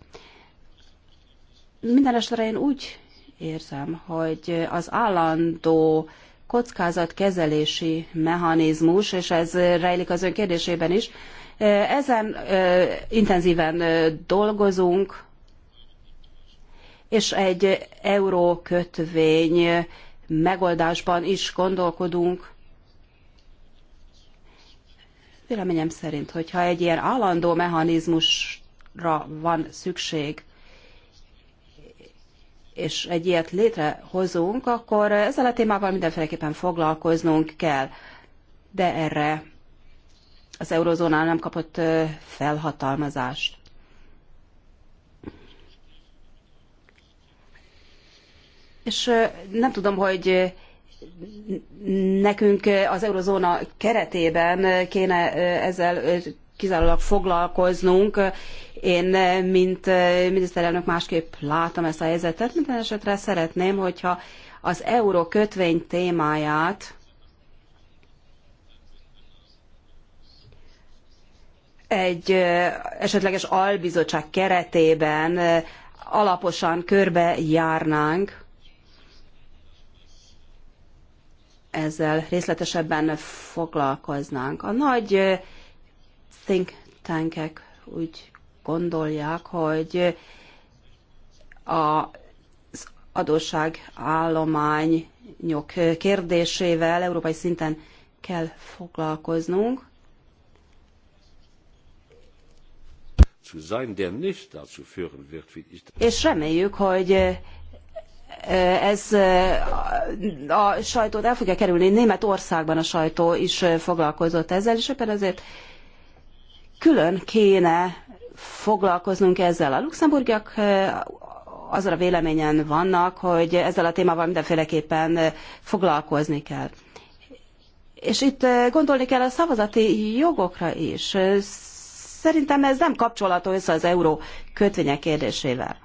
Speaker 1: Minden esetre én úgy érzem, hogy az állandó kockázatkezelési mechanizmus, és ez rejlik az ön kérdésében is. Ezen intenzíven dolgozunk, és egy eurókötvény megoldásban is gondolkodunk. Véleményem szerint, hogyha egy ilyen állandó mechanizmusra van szükség, és egy ilyet létrehozunk, akkor ezzel a témával mindenféleképpen foglalkoznunk kell. De erre az eurozónál nem kapott felhatalmazást. És nem tudom, hogy nekünk az eurozóna keretében kéne ezzel kizárólag foglalkoznunk, én, eh, mint eh, miniszterelnök másképp látom ezt a helyzetet, minden esetre szeretném, hogyha az euró kötvény témáját egy eh, esetleges albizottság keretében alaposan körbe járnánk, ezzel részletesebben foglalkoznánk. A nagy think tankek úgy gondolják, hogy az adósságállományok kérdésével európai szinten kell foglalkoznunk. És reméljük, hogy ez a sajtót el fogja kerülni. Németországban a sajtó is foglalkozott ezzel, és éppen azért külön kéne foglalkoznunk ezzel. A luxemburgiak azon a véleményen vannak, hogy ezzel a témával mindenféleképpen foglalkozni kell. És itt gondolni kell a szavazati jogokra is. Szerintem ez nem kapcsolható össze az euró kötvények kérdésével.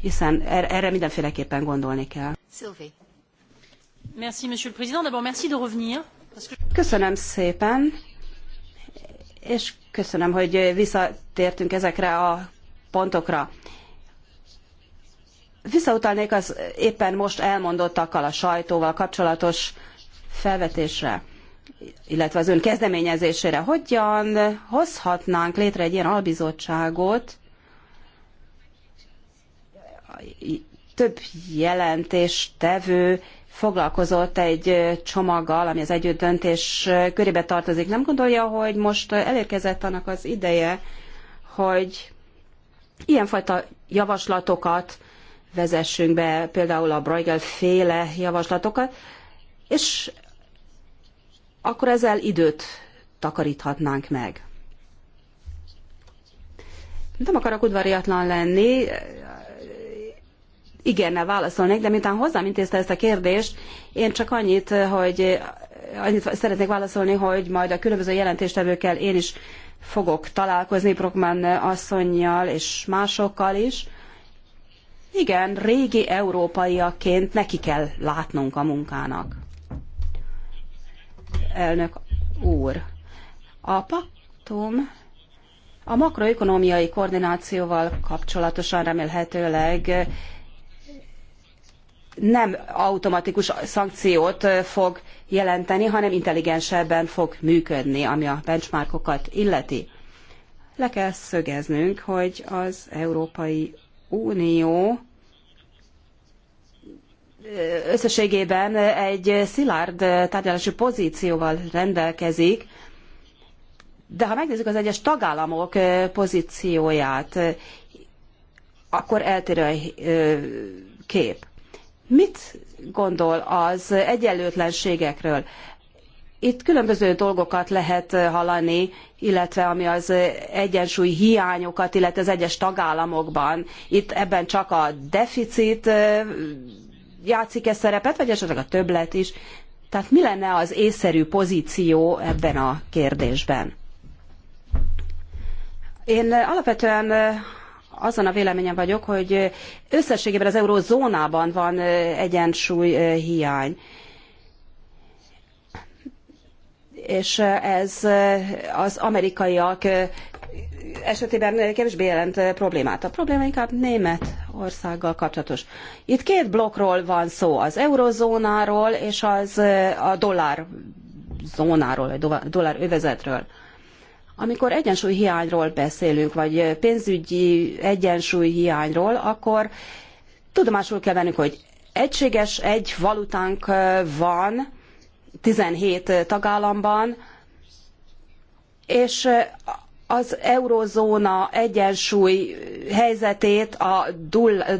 Speaker 1: Hiszen er-, erre mindenféleképpen gondolni kell. Sylvie. Merci, Monsieur le Président. D'abord, merci de revenir. Köszönöm szépen és köszönöm, hogy visszatértünk ezekre a pontokra. Visszautalnék az éppen most elmondottakkal a sajtóval kapcsolatos felvetésre, illetve az ön kezdeményezésére. Hogyan hozhatnánk létre egy ilyen albizottságot, több jelentéstevő foglalkozott egy csomaggal, ami az együtt döntés körébe tartozik. Nem gondolja, hogy most elérkezett annak az ideje, hogy ilyenfajta javaslatokat vezessünk be, például a Bruegel féle javaslatokat, és akkor ezzel időt takaríthatnánk meg. Nem akarok udvariatlan lenni, igennel válaszolnék, de miután hozzám intézte ezt a kérdést, én csak annyit, hogy annyit szeretnék válaszolni, hogy majd a különböző jelentéstevőkkel én is fogok találkozni Prokman asszonynal és másokkal is. Igen, régi európaiaként neki kell látnunk a munkának. Elnök úr, a paktum a makroökonómiai koordinációval kapcsolatosan remélhetőleg nem automatikus szankciót fog jelenteni, hanem intelligensebben fog működni, ami a benchmarkokat illeti. Le kell szögeznünk, hogy az Európai Unió összességében egy szilárd tárgyalási pozícióval rendelkezik, de ha megnézzük az egyes tagállamok pozícióját, akkor eltérő a kép. Mit gondol az egyenlőtlenségekről? Itt különböző dolgokat lehet hallani, illetve ami az egyensúly hiányokat, illetve az egyes tagállamokban. Itt ebben csak a deficit játszik-e szerepet, vagy esetleg a többlet is. Tehát mi lenne az észszerű pozíció ebben a kérdésben? Én alapvetően azon a véleményen vagyok, hogy összességében az eurózónában van egyensúly hiány. És ez az amerikaiak esetében kevésbé jelent problémát. A probléma inkább Németországgal kapcsolatos. Itt két blokkról van szó, az eurozónáról és az a dollár zónáról, vagy dollár övezetről. Amikor egyensúlyhiányról beszélünk, vagy pénzügyi egyensúlyhiányról, akkor tudomásul kell vennünk, hogy egységes egy valutánk van 17 tagállamban, és az eurózóna egyensúly helyzetét a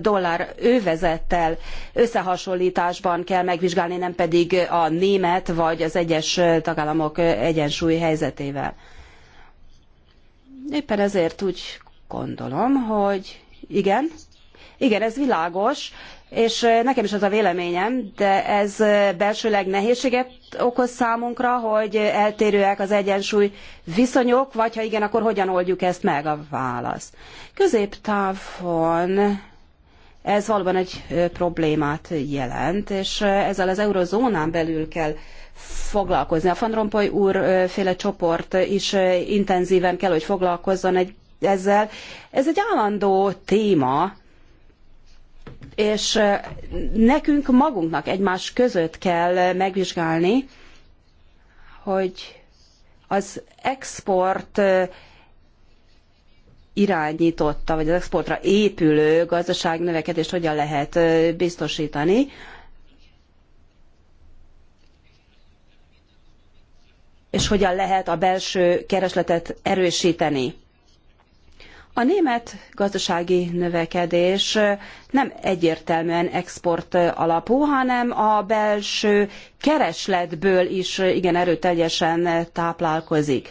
Speaker 1: dollár övezettel összehasonlításban kell megvizsgálni, nem pedig a német vagy az egyes tagállamok egyensúly helyzetével. Éppen ezért úgy gondolom, hogy igen, igen, ez világos, és nekem is az a véleményem, de ez belsőleg nehézséget okoz számunkra, hogy eltérőek az egyensúly viszonyok, vagy ha igen, akkor hogyan oldjuk ezt meg a válasz. Középtávon ez valóban egy problémát jelent, és ezzel az eurozónán belül kell foglalkozni. A Van Rompuy úr féle csoport is intenzíven kell, hogy foglalkozzon egy, ezzel. Ez egy állandó téma, és nekünk magunknak egymás között kell megvizsgálni, hogy az export irányította, vagy az exportra épülő gazdaság növekedést hogyan lehet biztosítani. és hogyan lehet a belső keresletet erősíteni. A német gazdasági növekedés nem egyértelműen export alapú, hanem a belső keresletből is igen erőteljesen táplálkozik.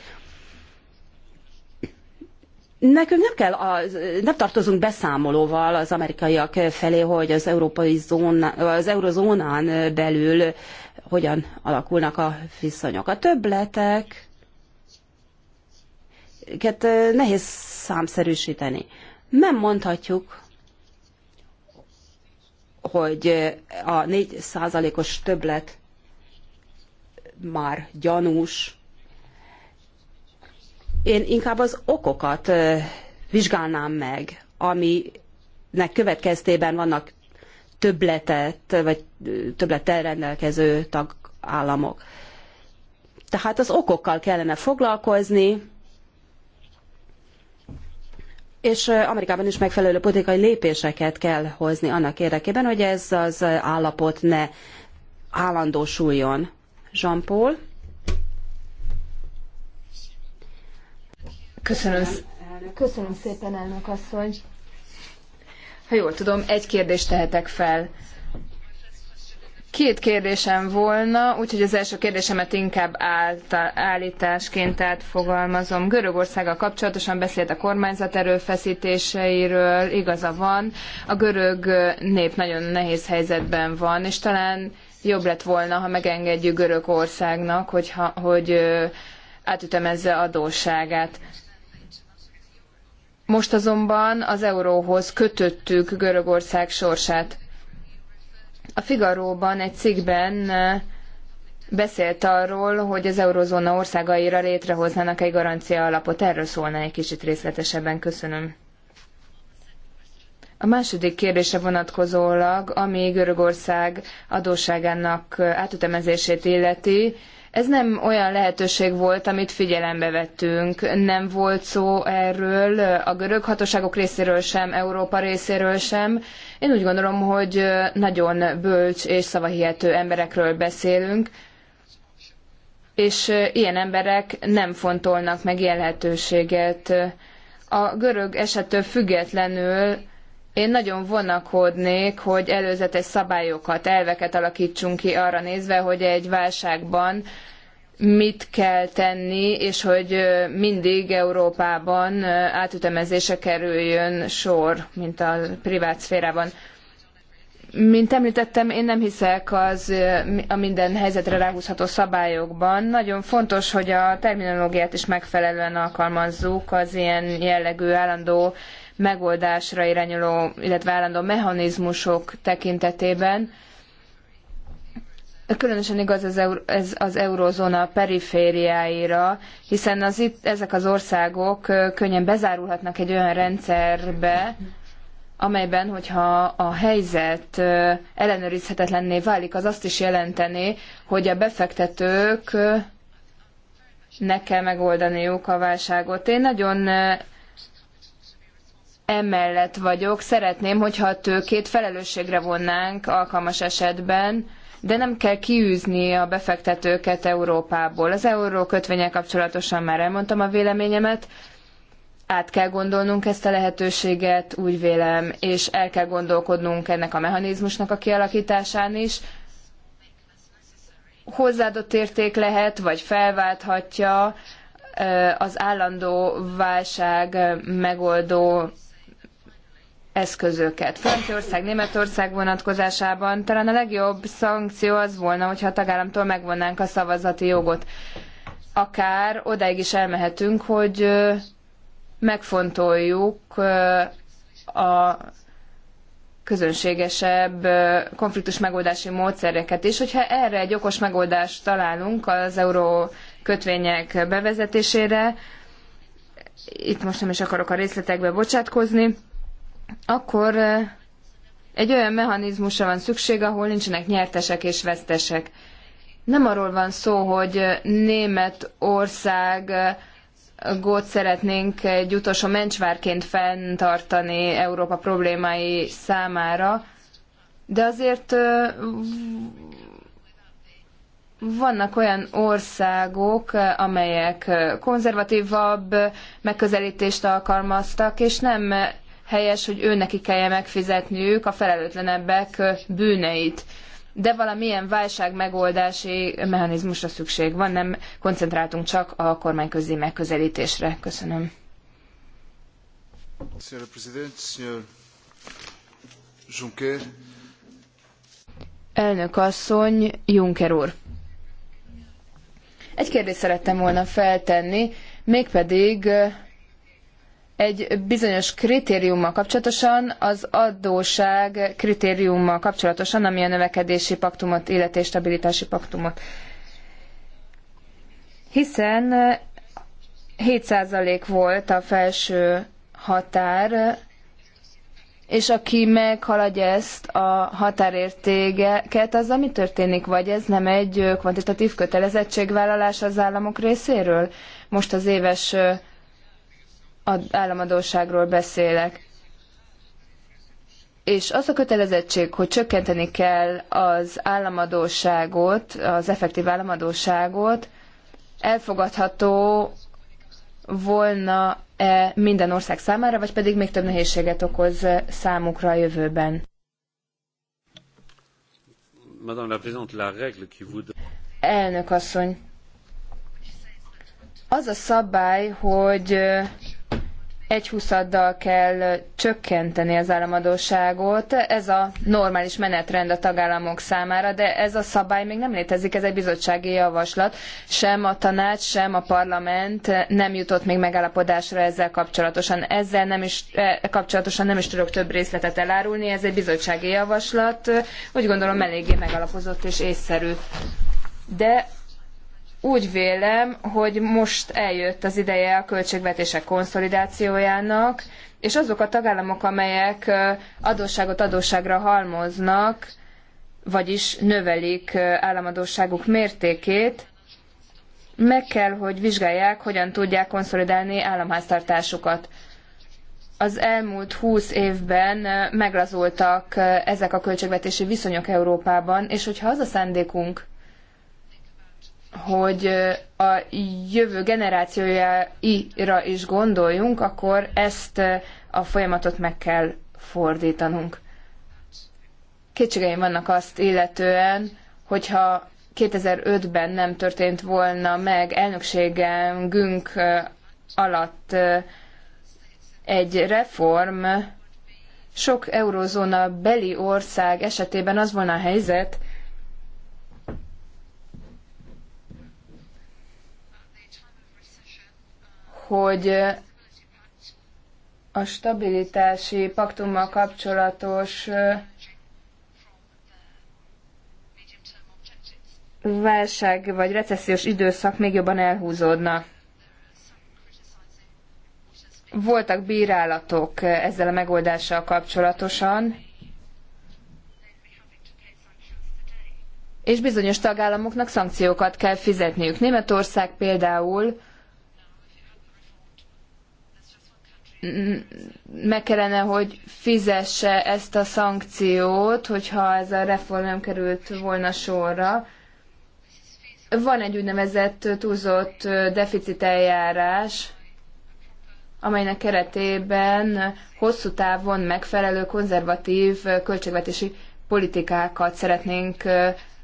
Speaker 1: Nekünk nem kell, az, nem tartozunk beszámolóval az amerikaiak felé, hogy az európai zóna, az eurozónán belül hogyan alakulnak a viszonyok. A többletek nehéz számszerűsíteni. Nem mondhatjuk, hogy a 4 százalékos többlet már gyanús, én inkább az okokat vizsgálnám meg, aminek következtében vannak többletet, vagy többlettel rendelkező tagállamok. Tehát az okokkal kellene foglalkozni, és Amerikában is megfelelő politikai lépéseket kell hozni annak érdekében, hogy ez az állapot ne állandósuljon. Jean-Paul?
Speaker 4: Köszönöm. Köszönöm szépen, elnök asszony. Ha jól tudom, egy kérdést tehetek fel. Két kérdésem volna, úgyhogy az első kérdésemet inkább által, állításként átfogalmazom. Görögországgal kapcsolatosan beszélt a kormányzat erőfeszítéseiről, igaza van. A görög nép nagyon nehéz helyzetben van, és talán jobb lett volna, ha megengedjük Görögországnak, hogy hogy átütemezze adósságát. Most azonban az euróhoz kötöttük Görögország sorsát. A Figaróban egy cikkben eh, beszélt arról, hogy az eurozóna országaira létrehoznának egy garancia alapot. Erről szólna egy kicsit részletesebben. Köszönöm. A második kérdése vonatkozólag, ami Görögország adósságának eh, átütemezését illeti, ez nem olyan lehetőség volt, amit figyelembe vettünk. Nem volt szó erről a görög hatóságok részéről sem, Európa részéről sem. Én úgy gondolom, hogy nagyon bölcs és szavahihető emberekről beszélünk, és ilyen emberek nem fontolnak meg ilyen lehetőséget. A görög esettől függetlenül én nagyon vonakodnék, hogy előzetes szabályokat, elveket alakítsunk ki arra nézve, hogy egy válságban mit kell tenni, és hogy mindig Európában átütemezése kerüljön sor, mint a privát szférában. Mint említettem, én nem hiszek az a minden helyzetre ráhúzható szabályokban. Nagyon fontos, hogy a terminológiát is megfelelően alkalmazzuk az ilyen jellegű állandó megoldásra irányuló, illetve állandó mechanizmusok tekintetében. Különösen igaz ez, ez az eurózóna perifériáira, hiszen az itt, ezek az országok könnyen bezárulhatnak egy olyan rendszerbe, amelyben, hogyha a helyzet ellenőrizhetetlenné válik, az azt is jelenteni, hogy a befektetők ne kell megoldaniuk a válságot. Én nagyon emellett vagyok. Szeretném, hogyha a tőkét felelősségre vonnánk alkalmas esetben, de nem kell kiűzni a befektetőket Európából. Az euró kötvényel kapcsolatosan már elmondtam a véleményemet, át kell gondolnunk ezt a lehetőséget, úgy vélem, és el kell gondolkodnunk ennek a mechanizmusnak a kialakításán is. Hozzáadott érték lehet, vagy felválthatja az állandó válság megoldó eszközöket. Franciaország, Németország vonatkozásában talán a legjobb szankció az volna, hogyha a tagállamtól megvonnánk a szavazati jogot. Akár odáig is elmehetünk, hogy megfontoljuk a közönségesebb konfliktus megoldási módszereket is. Hogyha erre egy okos megoldást találunk az euró kötvények bevezetésére, itt most nem is akarok a részletekbe bocsátkozni, akkor egy olyan mechanizmusra van szükség, ahol nincsenek nyertesek és vesztesek. Nem arról van szó, hogy Németország gót szeretnénk egy utolsó mencsvárként fenntartani Európa problémái számára, de azért vannak olyan országok, amelyek konzervatívabb megközelítést alkalmaztak, és nem helyes, hogy őnekik kelljen megfizetniük a felelőtlenebbek bűneit. De valamilyen válságmegoldási mechanizmusra szükség van, nem koncentráltunk csak a kormányközi megközelítésre. Köszönöm. Elnök asszony, Juncker úr. Egy kérdést szerettem volna feltenni, mégpedig egy bizonyos kritériummal kapcsolatosan, az adóság kritériummal kapcsolatosan, ami a növekedési paktumot, illeti stabilitási paktumot. Hiszen 7% volt a felső határ, és aki meghaladja ezt a határértéket, az ami történik, vagy ez nem egy kvantitatív kötelezettségvállalás az államok részéről? Most az éves államadóságról beszélek. És az a kötelezettség, hogy csökkenteni kell az államadóságot, az effektív államadóságot, elfogadható volna-e minden ország számára, vagy pedig még több nehézséget okoz számukra a jövőben?
Speaker 5: Madame la la règle qui vous...
Speaker 4: Elnök asszony, az a szabály, hogy egy huszaddal kell csökkenteni az államadóságot. Ez a normális menetrend a tagállamok számára, de ez a szabály még nem létezik, ez egy bizottsági javaslat. Sem a tanács, sem a parlament nem jutott még megállapodásra ezzel kapcsolatosan. Ezzel nem is, e, kapcsolatosan nem is tudok több részletet elárulni, ez egy bizottsági javaslat. Úgy gondolom eléggé megalapozott és észszerű. De úgy vélem, hogy most eljött az ideje a költségvetések konszolidációjának, és azok a tagállamok, amelyek adósságot adósságra halmoznak, vagyis növelik államadósságuk mértékét, meg kell, hogy vizsgálják, hogyan tudják konszolidálni államháztartásukat. Az elmúlt húsz évben meglazultak ezek a költségvetési viszonyok Európában, és hogyha az a szándékunk, hogy a jövő generációjaira is gondoljunk, akkor ezt a folyamatot meg kell fordítanunk. Kétségeim vannak azt illetően, hogyha 2005-ben nem történt volna meg elnökségünk alatt egy reform, sok eurozóna beli ország esetében az volna a helyzet, hogy a stabilitási paktummal kapcsolatos válság vagy recessziós időszak még jobban elhúzódna. Voltak bírálatok ezzel a megoldással kapcsolatosan, és bizonyos tagállamoknak szankciókat kell fizetniük. Németország például meg kellene, hogy fizesse ezt a szankciót, hogyha ez a reform nem került volna sorra. Van egy úgynevezett túlzott deficiteljárás, amelynek keretében hosszú távon megfelelő konzervatív költségvetési politikákat szeretnénk,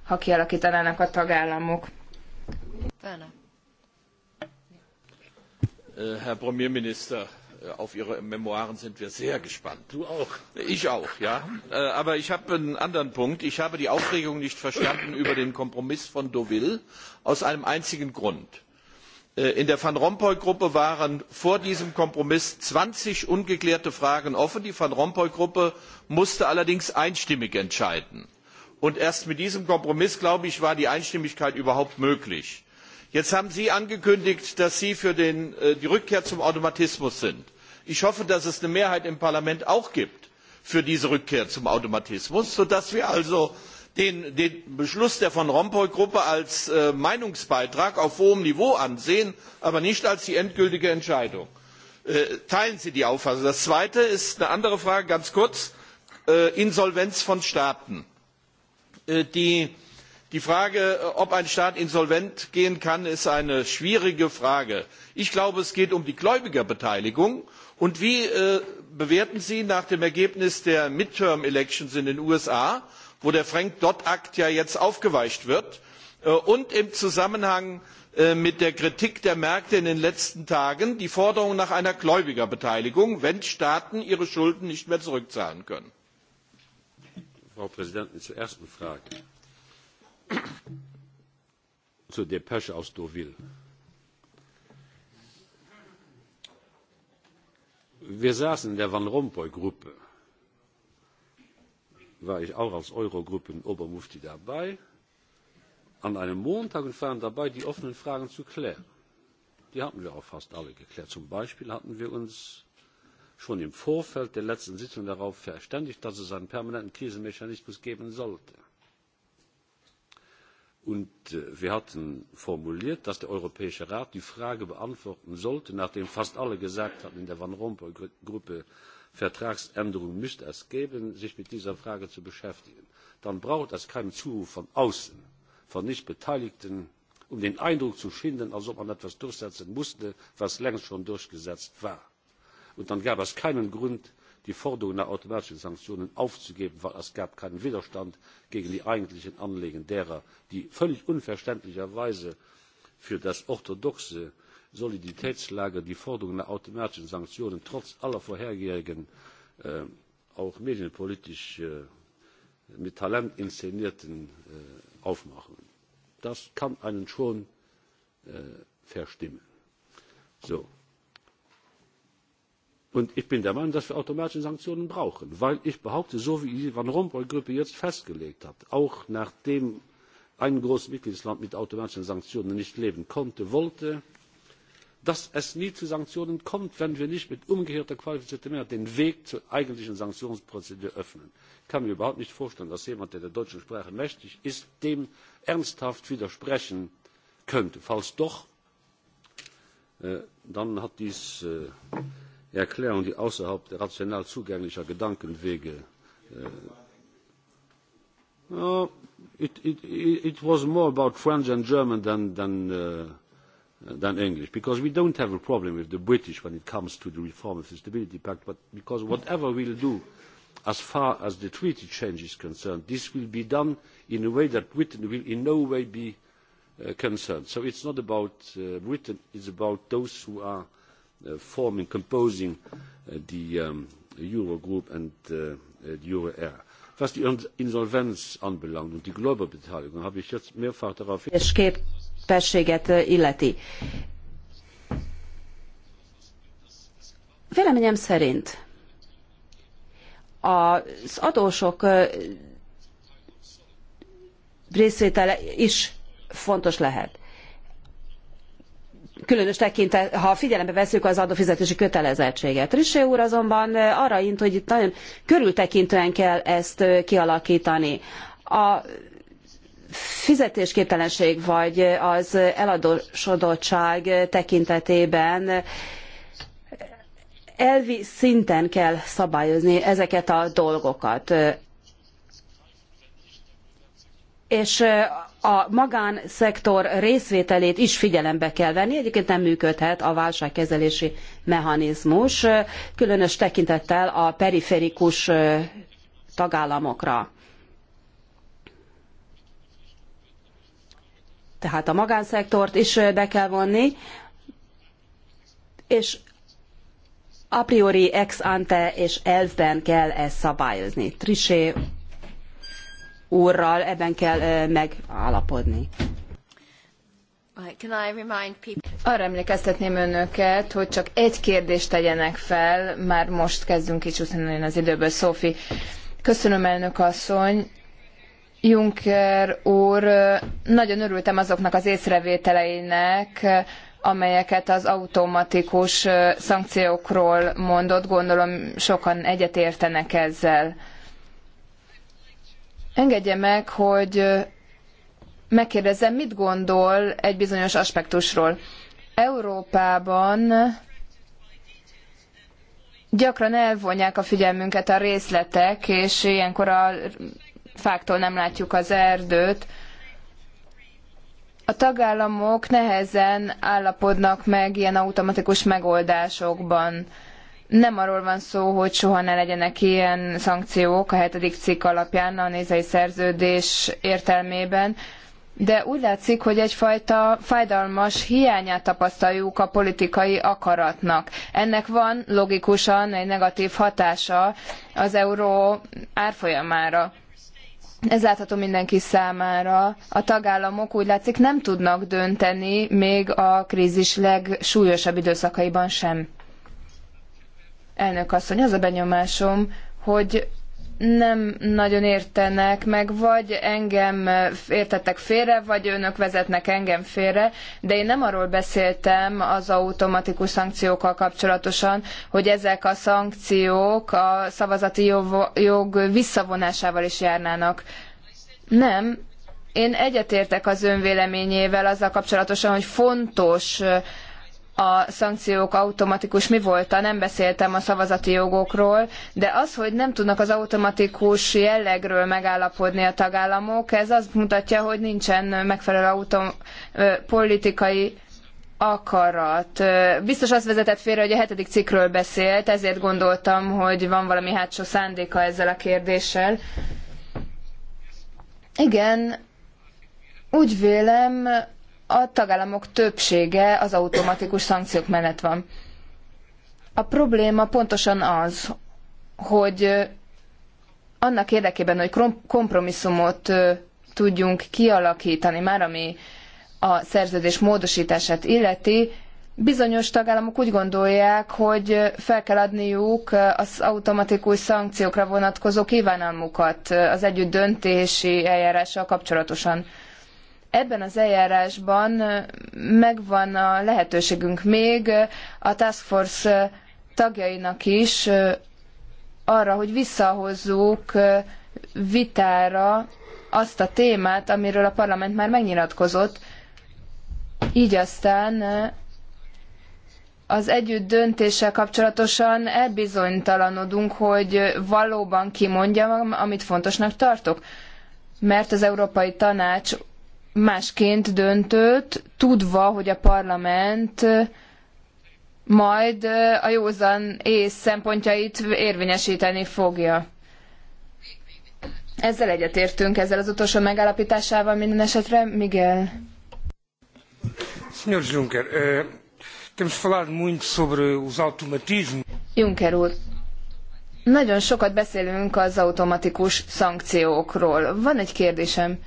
Speaker 4: ha kialakítanának a tagállamok.
Speaker 3: Herr Premierminister, Äh, auf Ihre Memoiren sind wir sehr gespannt. Du auch. Ich auch, ja. Äh, aber ich habe einen anderen Punkt. Ich habe die Aufregung nicht verstanden [laughs] über den Kompromiss von Deauville aus einem einzigen Grund. Äh, in der Van Rompuy-Gruppe waren vor diesem Kompromiss 20 ungeklärte Fragen offen. Die Van Rompuy-Gruppe musste allerdings einstimmig entscheiden. Und erst mit diesem Kompromiss, glaube ich, war die Einstimmigkeit überhaupt möglich jetzt haben sie angekündigt dass sie für den, die rückkehr zum automatismus sind ich hoffe dass es eine mehrheit im parlament auch gibt für diese rückkehr zum automatismus sodass wir also den beschluss der van rompuy gruppe als äh, meinungsbeitrag auf hohem niveau ansehen aber nicht als die endgültige entscheidung. Äh, teilen sie die auffassung? das zweite ist eine andere frage ganz kurz äh, insolvenz von staaten die frage ob ein staat insolvent gehen kann ist eine schwierige frage. ich glaube es geht um die gläubigerbeteiligung und wie äh, bewerten sie nach dem ergebnis der midterm in den usa wo der frank dodd act ja jetzt aufgeweicht wird äh, und im zusammenhang äh, mit der kritik der märkte in den letzten tagen die forderung nach einer gläubigerbeteiligung wenn staaten ihre schulden nicht mehr zurückzahlen können? frau präsidentin zur ersten frage zur depesche aus deauville
Speaker 5: wir saßen in der Van Rompuy Gruppe, war ich auch als Eurogruppen Obermufti dabei, an einem Montag und waren dabei, die offenen Fragen zu klären. Die hatten wir auch fast alle geklärt. Zum Beispiel hatten wir uns schon im Vorfeld der letzten Sitzung darauf verständigt, dass es einen permanenten Krisenmechanismus geben sollte. Und äh, wir hatten formuliert, dass der Europäische Rat die Frage beantworten sollte, nachdem fast alle gesagt hatten, in der Van Rompuy-Gruppe Vertragsänderung müsste es geben, sich mit dieser Frage zu beschäftigen. Dann braucht es keinen Zuruf von außen, von Nichtbeteiligten, um den Eindruck zu schinden, als ob man etwas durchsetzen musste, was längst schon durchgesetzt war. Und dann gab es keinen Grund, die forderung nach automatischen sanktionen aufzugeben weil es keinen widerstand gegen die eigentlichen anliegen derer gab die völlig unverständlicherweise für das orthodoxe solidaritätslager die forderung nach automatischen sanktionen trotz aller vorhergehenden äh, auch medienpolitisch äh, mit talent inszenierten äh, aufmachen. das kann einen schon äh, verstimmen. So. Und ich bin der Meinung, dass wir automatische Sanktionen brauchen, weil ich behaupte, so wie die Van Rompuy-Gruppe jetzt festgelegt hat, auch nachdem ein großes Mitgliedsland mit automatischen Sanktionen nicht leben konnte, wollte, dass es nie zu Sanktionen kommt, wenn wir nicht mit umgekehrter qualifizierter Mehrheit den Weg zur eigentlichen Sanktionsprozedur öffnen. Ich kann mir überhaupt nicht vorstellen, dass jemand, der der deutschen Sprache mächtig ist, dem ernsthaft widersprechen könnte. Falls doch, äh, dann hat dies äh, Erklärung, die außerhalb der rational zugänglicher Gedankenwege. Uh, it, it, it was more about French and German than, than, uh, than English, because we don't have a problem with the British when it comes to the reform of the Stability Pact, but because whatever we'll do as far as the treaty change is concerned, this will be done in a way that Britain will in no way be uh, concerned. So it's not about uh, Britain, it's about those who are Uh, forming, composing uh, the um, Eurogroup en uh, the Euro-Area. Was die Insolvenz anbelangt und die Gläuberbeteiligung, habe ich jetzt mehrfach darauf hingewiesen.
Speaker 1: Véleményem szerint az adósok részvétele is fontos lehet különös tekintet, ha figyelembe veszük az adófizetési kötelezettséget. Rissé úr azonban arra int, hogy itt nagyon körültekintően kell ezt kialakítani. A fizetésképtelenség vagy az eladósodottság tekintetében elvi szinten kell szabályozni ezeket a dolgokat. És a magánszektor részvételét is figyelembe kell venni. Egyébként nem működhet a válságkezelési mechanizmus, különös tekintettel a periférikus tagállamokra. Tehát a magánszektort is be kell vonni, és a priori ex ante és elvben kell ezt szabályozni. Trisé úrral ebben kell megállapodni.
Speaker 4: Arra emlékeztetném önöket, hogy csak egy kérdést tegyenek fel, már most kezdünk kicsúszni az időből, Szófi. Köszönöm, elnök asszony. Juncker úr, nagyon örültem azoknak az észrevételeinek, amelyeket az automatikus szankciókról mondott, gondolom sokan egyetértenek ezzel. Engedje meg, hogy megkérdezzem, mit gondol egy bizonyos aspektusról. Európában gyakran elvonják a figyelmünket a részletek, és ilyenkor a fáktól nem látjuk az erdőt. A tagállamok nehezen állapodnak meg ilyen automatikus megoldásokban. Nem arról van szó, hogy soha ne legyenek ilyen szankciók a hetedik cikk alapján a nézai szerződés értelmében, de úgy látszik, hogy egyfajta fájdalmas hiányát tapasztaljuk a politikai akaratnak. Ennek van logikusan egy negatív hatása az euró árfolyamára. Ez látható mindenki számára. A tagállamok úgy látszik nem tudnak dönteni, még a krízis legsúlyosabb időszakaiban sem. Elnök asszony, az a benyomásom, hogy nem nagyon értenek meg, vagy engem értettek félre, vagy önök vezetnek engem félre, de én nem arról beszéltem az automatikus szankciókkal kapcsolatosan, hogy ezek a szankciók a szavazati jog, jog visszavonásával is járnának. Nem, én egyetértek az ön véleményével azzal kapcsolatosan, hogy fontos a szankciók automatikus mi volt? nem beszéltem a szavazati jogokról, de az, hogy nem tudnak az automatikus jellegről megállapodni a tagállamok, ez azt mutatja, hogy nincsen megfelelő autom- politikai akarat. Biztos az vezetett félre, hogy a hetedik cikkről beszélt, ezért gondoltam, hogy van valami hátsó szándéka ezzel a kérdéssel. Igen, úgy vélem, a tagállamok többsége az automatikus szankciók mellett van. A probléma pontosan az, hogy annak érdekében, hogy kompromisszumot tudjunk kialakítani, már ami a szerződés módosítását illeti, bizonyos tagállamok úgy gondolják, hogy fel kell adniuk az automatikus szankciókra vonatkozó kívánalmukat az együttdöntési eljárással kapcsolatosan ebben az eljárásban megvan a lehetőségünk még a Task Force tagjainak is arra, hogy visszahozzuk vitára azt a témát, amiről a parlament már megnyilatkozott, így aztán az együtt döntéssel kapcsolatosan elbizonytalanodunk, hogy valóban kimondjam, amit fontosnak tartok. Mert az Európai Tanács másként döntött, tudva, hogy a parlament majd a józan ész szempontjait érvényesíteni fogja. Ezzel egyetértünk, ezzel az utolsó megállapításával minden esetre. Miguel. Senhor
Speaker 5: Juncker, eh, temos falado muito sobre os automatismos.
Speaker 4: Juncker úr, nagyon sokat beszélünk az automatikus szankciókról. Van egy kérdésem.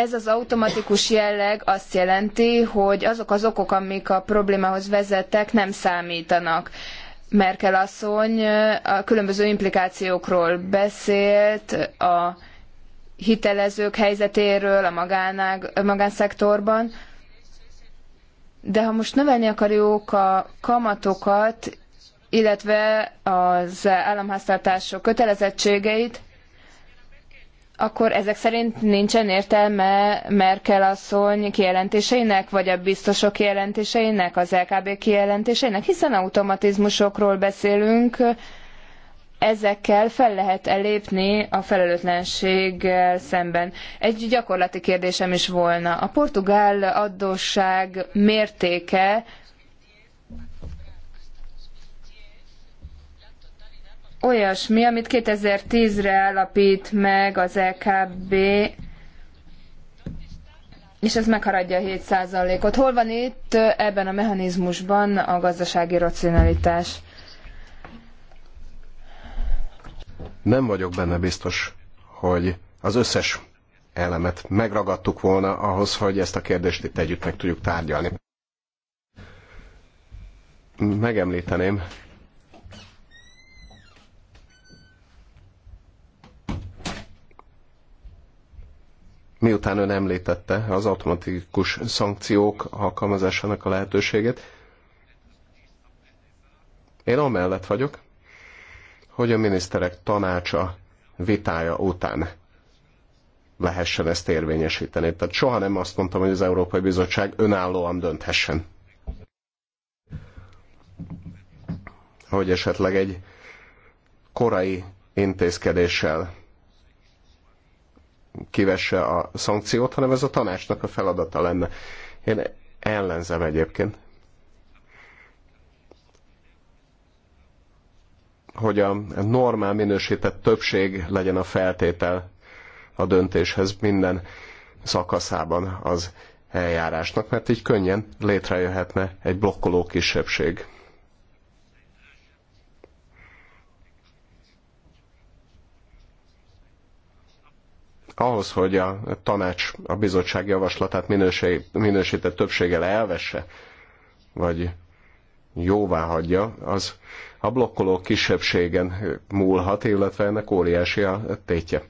Speaker 4: Ez az automatikus jelleg azt jelenti, hogy azok az okok, amik a problémához vezettek, nem számítanak. Merkel asszony a különböző implikációkról beszélt, a hitelezők helyzetéről a magánág, a magánszektorban, de ha most növelni akarjuk a kamatokat, illetve az államháztartások kötelezettségeit, akkor ezek szerint nincsen értelme Merkel asszony kijelentéseinek, vagy a biztosok kijelentéseinek, az LKB kijelentéseinek, hiszen automatizmusokról beszélünk, ezekkel fel lehet elépni a felelőtlenséggel szemben. Egy gyakorlati kérdésem is volna. A portugál adósság mértéke olyasmi, amit 2010-re állapít meg az EKB, és ez megharadja a 7%-ot. Hol van itt ebben a mechanizmusban a gazdasági racionalitás?
Speaker 2: Nem vagyok benne biztos, hogy az összes elemet megragadtuk volna ahhoz, hogy ezt a kérdést itt együtt meg tudjuk tárgyalni. Megemlíteném miután ön említette az automatikus szankciók alkalmazásának a lehetőséget, én amellett vagyok, hogy a miniszterek tanácsa vitája után lehessen ezt érvényesíteni. Tehát soha nem azt mondtam, hogy az Európai Bizottság önállóan dönthessen. Hogy esetleg egy korai intézkedéssel kivesse a szankciót, hanem ez a tanácsnak a feladata lenne. Én ellenzem egyébként. hogy a normál minősített többség legyen a feltétel a döntéshez minden szakaszában az eljárásnak, mert így könnyen létrejöhetne egy blokkoló kisebbség. ahhoz, hogy a tanács a bizottság javaslatát minősített többséggel elvesse, vagy jóvá hagyja, az a blokkoló kisebbségen múlhat, illetve ennek óriási a tétje.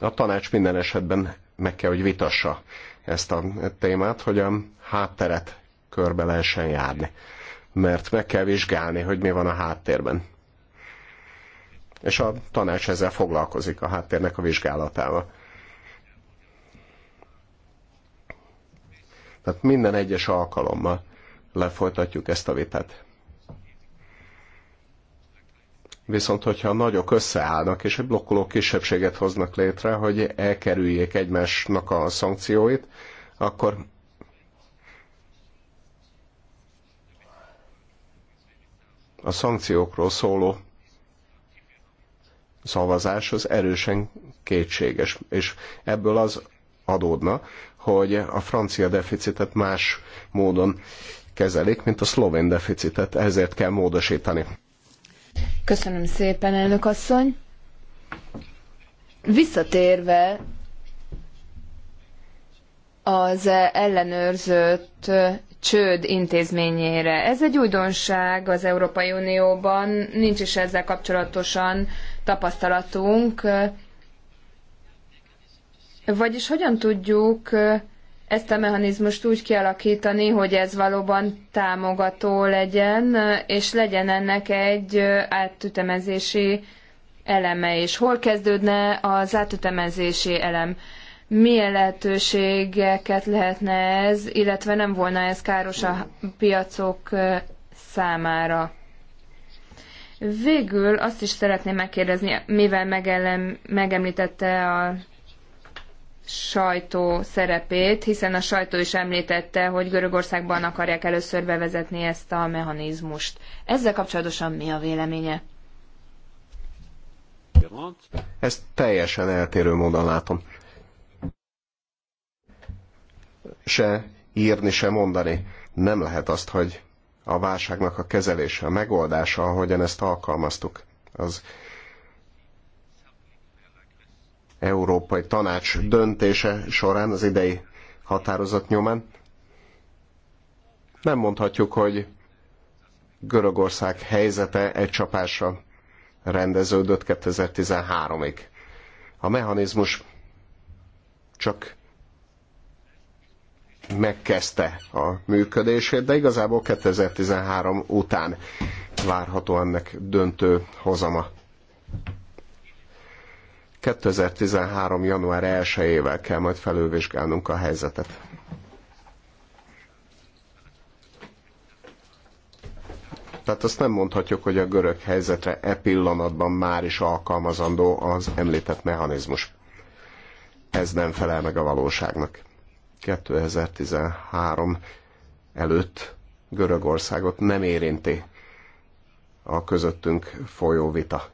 Speaker 2: A tanács minden esetben meg kell, hogy vitassa ezt a témát, hogy a hátteret körbe lehessen járni. Mert meg kell vizsgálni, hogy mi van a háttérben és a tanács ezzel foglalkozik a háttérnek a vizsgálatával. Tehát minden egyes alkalommal lefolytatjuk ezt a vitát. Viszont, hogyha a nagyok összeállnak, és egy blokkoló kisebbséget hoznak létre, hogy elkerüljék egymásnak a szankcióit, akkor a szankciókról szóló szavazás az erősen kétséges, és ebből az adódna, hogy a francia deficitet más módon kezelik, mint a szlovén deficitet, ezért kell módosítani.
Speaker 4: Köszönöm szépen, elnök asszony. Visszatérve az ellenőrzött csőd intézményére. Ez egy újdonság az Európai Unióban, nincs is ezzel kapcsolatosan tapasztalatunk, vagyis hogyan tudjuk ezt a mechanizmust úgy kialakítani, hogy ez valóban támogató legyen, és legyen ennek egy átütemezési eleme, és hol kezdődne az átütemezési elem. Milyen lehetőségeket lehetne ez, illetve nem volna ez káros a piacok számára? Végül azt is szeretném megkérdezni, mivel megellem, megemlítette a sajtó szerepét, hiszen a sajtó is említette, hogy Görögországban akarják először bevezetni ezt a mechanizmust. Ezzel kapcsolatosan mi a véleménye?
Speaker 2: Ezt teljesen eltérő módon látom. Se írni, se mondani. Nem lehet azt, hogy a válságnak a kezelése, a megoldása, ahogyan ezt alkalmaztuk. Az Európai Tanács döntése során, az idei határozat nyomán. Nem mondhatjuk, hogy Görögország helyzete egy csapásra rendeződött 2013-ig. A mechanizmus csak megkezdte a működését, de igazából 2013 után várható ennek döntő hozama. 2013. január 1-ével kell majd felülvizsgálnunk a helyzetet. Tehát azt nem mondhatjuk, hogy a görög helyzetre e pillanatban már is alkalmazandó az említett mechanizmus. Ez nem felel meg a valóságnak. 2013 előtt Görögországot nem érinti a közöttünk folyó vita,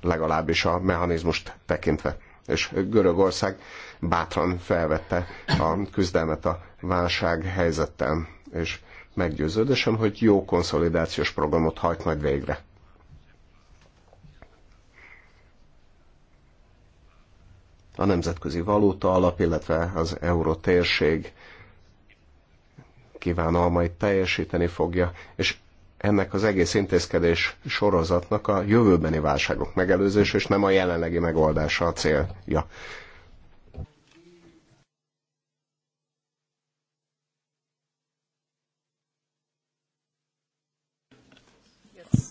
Speaker 2: legalábbis a mechanizmust tekintve. És Görögország bátran felvette a küzdelmet a válság helyzettel, és meggyőződésem, hogy jó konszolidációs programot hajt majd végre. a Nemzetközi Valuta Alap, illetve az euró térség kívánalmait teljesíteni fogja, és ennek az egész intézkedés sorozatnak a jövőbeni válságok megelőzés, és nem a jelenlegi megoldása a célja.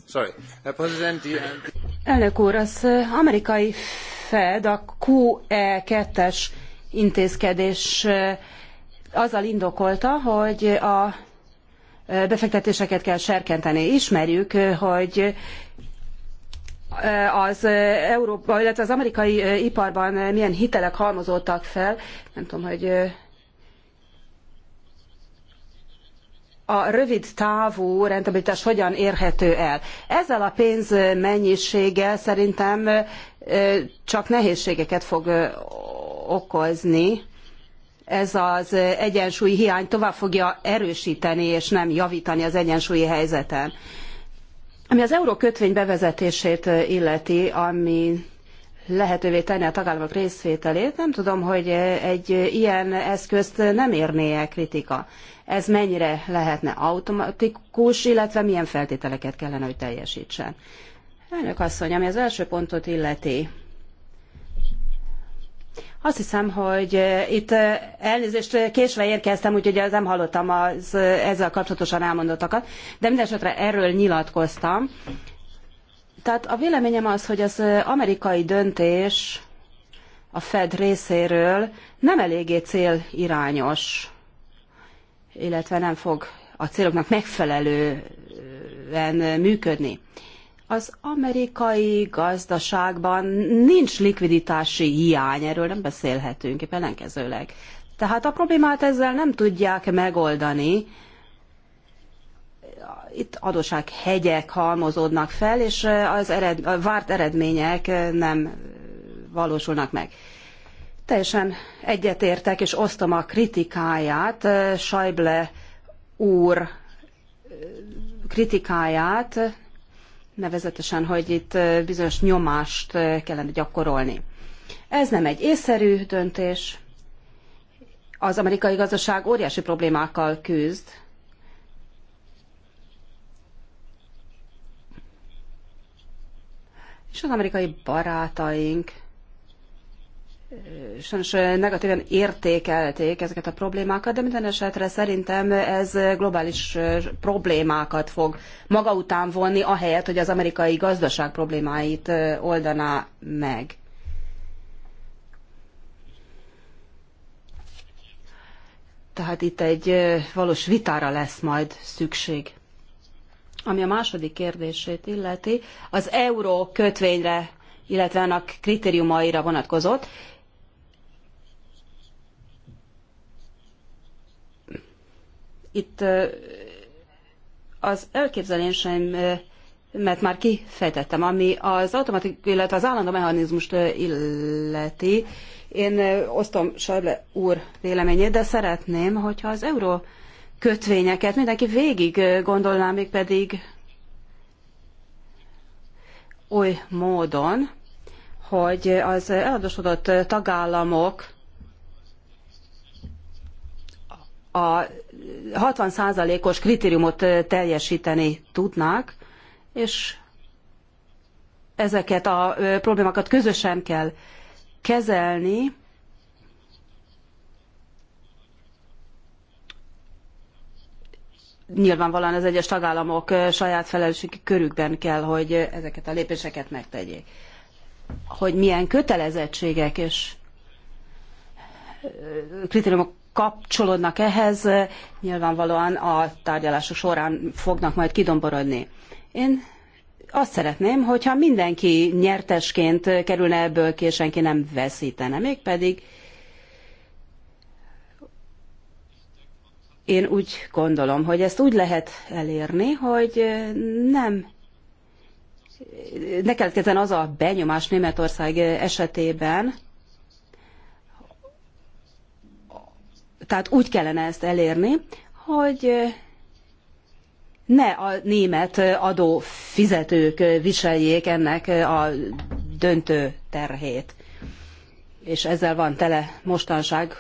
Speaker 5: Sorry. Herr
Speaker 2: Präsident, die
Speaker 1: Elnök úr, az amerikai Fed a QE2-es intézkedés azzal indokolta, hogy a befektetéseket kell serkenteni. Ismerjük, hogy az, Európa, illetve az amerikai iparban milyen hitelek halmozódtak fel. Nem tudom, hogy a rövid távú rentabilitás hogyan érhető el. Ezzel a pénz mennyiséggel szerintem csak nehézségeket fog okozni. Ez az egyensúly hiány tovább fogja erősíteni és nem javítani az egyensúlyi helyzeten. Ami az eurókötvény bevezetését illeti, ami lehetővé tenni a tagállamok részvételét, nem tudom, hogy egy ilyen eszközt nem érné-e kritika. Ez mennyire lehetne automatikus, illetve milyen feltételeket kellene, hogy teljesítsen. Elnök asszony, ami az első pontot illeti, azt hiszem, hogy itt elnézést késve érkeztem, úgyhogy nem hallottam az ezzel kapcsolatosan elmondottakat, de mindesetre erről nyilatkoztam. Tehát a véleményem az, hogy az amerikai döntés a Fed részéről nem eléggé célirányos, illetve nem fog a céloknak megfelelően működni. Az amerikai gazdaságban nincs likviditási hiány, erről nem beszélhetünk, éppen ellenkezőleg. Tehát a problémát ezzel nem tudják megoldani, itt hegyek halmozódnak fel, és az ered, a várt eredmények nem valósulnak meg. Teljesen egyetértek, és osztom a kritikáját, Sajble úr kritikáját, nevezetesen, hogy itt bizonyos nyomást kellene gyakorolni. Ez nem egy észszerű döntés. Az amerikai gazdaság óriási problémákkal küzd, és az amerikai barátaink sajnos negatíven értékelték ezeket a problémákat, de minden esetre szerintem ez globális problémákat fog maga után vonni, ahelyett, hogy az amerikai gazdaság problémáit oldaná meg. Tehát itt egy valós vitára lesz majd szükség. Ami a második kérdését illeti, az euró kötvényre, illetve annak kritériumaira vonatkozott. Itt az elképzelésem mert már kifejtettem, ami az automatik, illetve az állandó mechanizmust illeti. Én osztom Sajble úr véleményét, de szeretném, hogyha az euró kötvényeket mindenki végig gondolná, még pedig oly módon, hogy az eladósodott tagállamok a 60%-os kritériumot teljesíteni tudnák, és ezeket a problémákat közösen kell kezelni, nyilvánvalóan az egyes tagállamok saját felelősségi körükben kell, hogy ezeket a lépéseket megtegyék. Hogy milyen kötelezettségek és kritériumok kapcsolódnak ehhez, nyilvánvalóan a tárgyalások során fognak majd kidomborodni. Én azt szeretném, hogyha mindenki nyertesként kerülne ebből ki, és senki nem veszítene, mégpedig pedig Én úgy gondolom, hogy ezt úgy lehet elérni, hogy nem ne keletkezzen az a benyomás Németország esetében, tehát úgy kellene ezt elérni, hogy ne a német adófizetők viseljék ennek a döntő terhét. És ezzel van tele mostanság,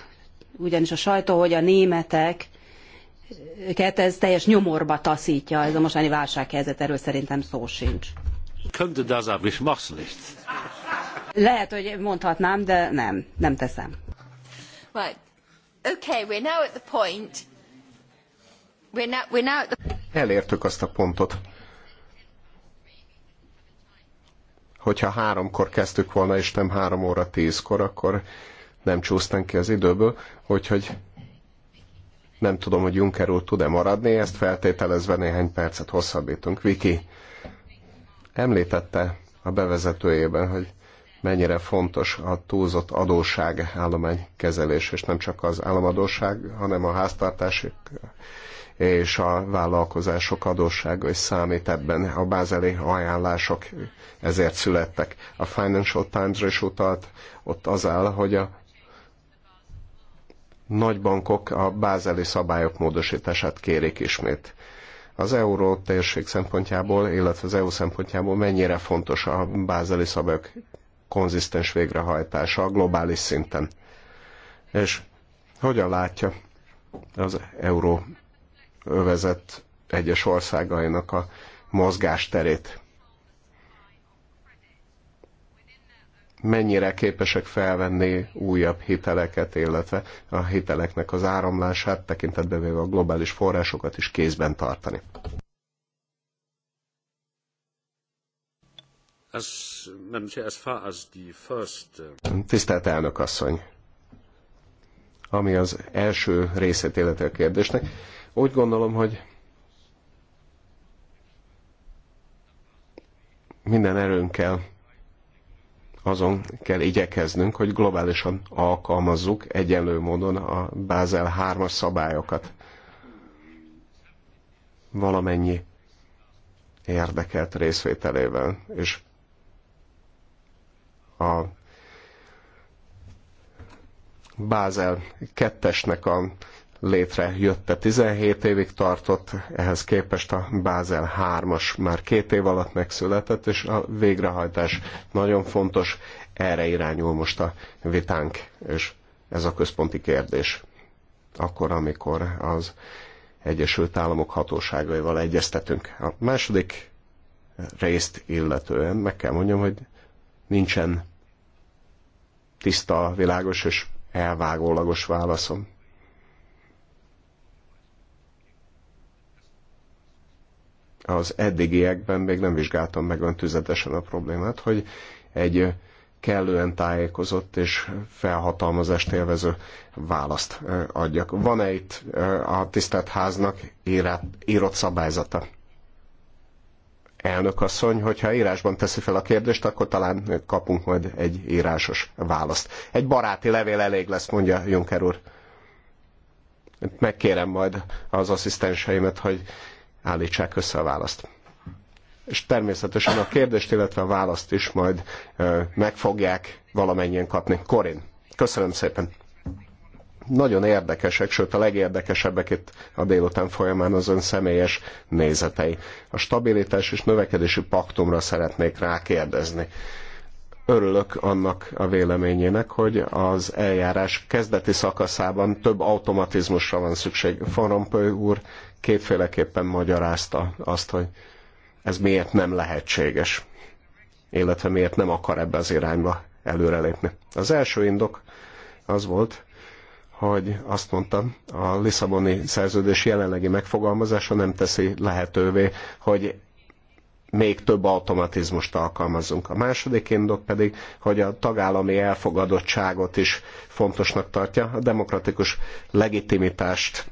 Speaker 1: ugyanis a sajtó, hogy a németek őket ez teljes nyomorba taszítja, ez a mostani válsághelyzet, erről szerintem szó sincs.
Speaker 5: Könnte das aber ich mach's nicht.
Speaker 1: Lehet, hogy mondhatnám, de nem, nem
Speaker 2: teszem.
Speaker 4: Right. Okay, we're now at the point. We're now, we're now at the...
Speaker 2: Elértük azt a pontot. Hogyha háromkor kezdtük volna, és nem három óra tízkor, akkor nem csúsztánk ki az időből, úgyhogy nem tudom, hogy Juncker úr tud-e maradni, ezt feltételezve néhány percet hosszabbítunk. Viki említette a bevezetőjében, hogy mennyire fontos a túlzott adóság állomány kezelés, és nem csak az államadóság, hanem a háztartási és a vállalkozások adóssága is számít ebben. A bázeli ajánlások ezért születtek. A Financial Times-ra is utalt, ott az áll, hogy a nagybankok a bázeli szabályok módosítását kérik ismét. Az euró térség szempontjából, illetve az EU szempontjából mennyire fontos a bázeli szabályok konzisztens végrehajtása a globális szinten. És hogyan látja az euró övezet egyes országainak a mozgásterét? mennyire képesek felvenni újabb hiteleket, illetve a hiteleknek az áramlását, tekintetbe véve a globális forrásokat is kézben tartani.
Speaker 5: as far as the first...
Speaker 2: Uh, Tisztelt elnök asszony! Ami az első részét illeti a kérdésnek, úgy gondolom, hogy minden erőnkkel azon kell igyekeznünk, hogy globálisan alkalmazzuk egyenlő módon a Bázel 3-as szabályokat. Valamennyi érdekelt részvételével, és a Bázel 2-esnek a létrejött a 17 évig tartott, ehhez képest a Bázel 3-as már két év alatt megszületett, és a végrehajtás nagyon fontos, erre irányul most a vitánk, és ez a központi kérdés. Akkor, amikor az Egyesült Államok hatóságaival egyeztetünk. A második részt illetően meg kell mondjam, hogy nincsen tiszta, világos és elvágólagos válaszom az eddigiekben még nem vizsgáltam meg öntüzetesen a problémát, hogy egy kellően tájékozott és felhatalmazást élvező választ adjak. Van-e itt a tisztelt háznak írott szabályzata? Elnök asszony, hogyha írásban teszi fel a kérdést, akkor talán kapunk majd egy írásos választ. Egy baráti levél elég lesz, mondja Juncker úr. Megkérem majd az asszisztenseimet, hogy állítsák össze a választ. És természetesen a kérdést, illetve a választ is majd meg fogják valamennyien kapni. Korin, köszönöm szépen! nagyon érdekesek, sőt a legérdekesebbek itt a délután folyamán az ön személyes nézetei. A stabilitás és növekedési paktumra szeretnék rákérdezni örülök annak a véleményének, hogy az eljárás kezdeti szakaszában több automatizmusra van szükség. Van Rompuy úr kétféleképpen magyarázta azt, hogy ez miért nem lehetséges, illetve miért nem akar ebbe az irányba előrelépni. Az első indok az volt, hogy azt mondtam, a Lisszaboni szerződés jelenlegi megfogalmazása nem teszi lehetővé, hogy még több automatizmust alkalmazzunk. A második indok pedig, hogy a tagállami elfogadottságot is fontosnak tartja, a demokratikus legitimitást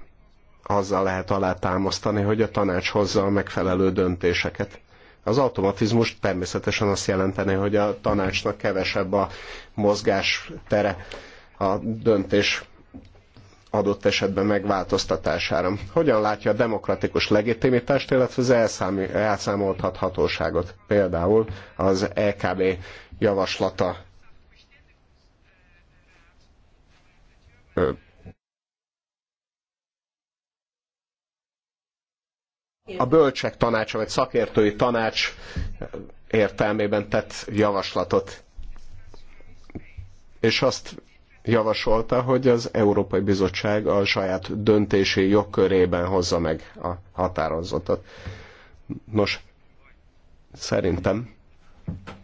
Speaker 2: azzal lehet alátámasztani, hogy a tanács hozza a megfelelő döntéseket. Az automatizmus természetesen azt jelenteni, hogy a tanácsnak kevesebb a mozgástere a döntés adott esetben megváltoztatására. Hogyan látja a demokratikus legitimitást, illetve az elszám, elszámoltathatóságot? Például az EKB javaslata Ö. a bölcsek tanácsa, vagy szakértői tanács értelmében tett javaslatot. És azt javasolta, hogy az Európai Bizottság a saját döntési jogkörében hozza meg a határozatot. Nos, szerintem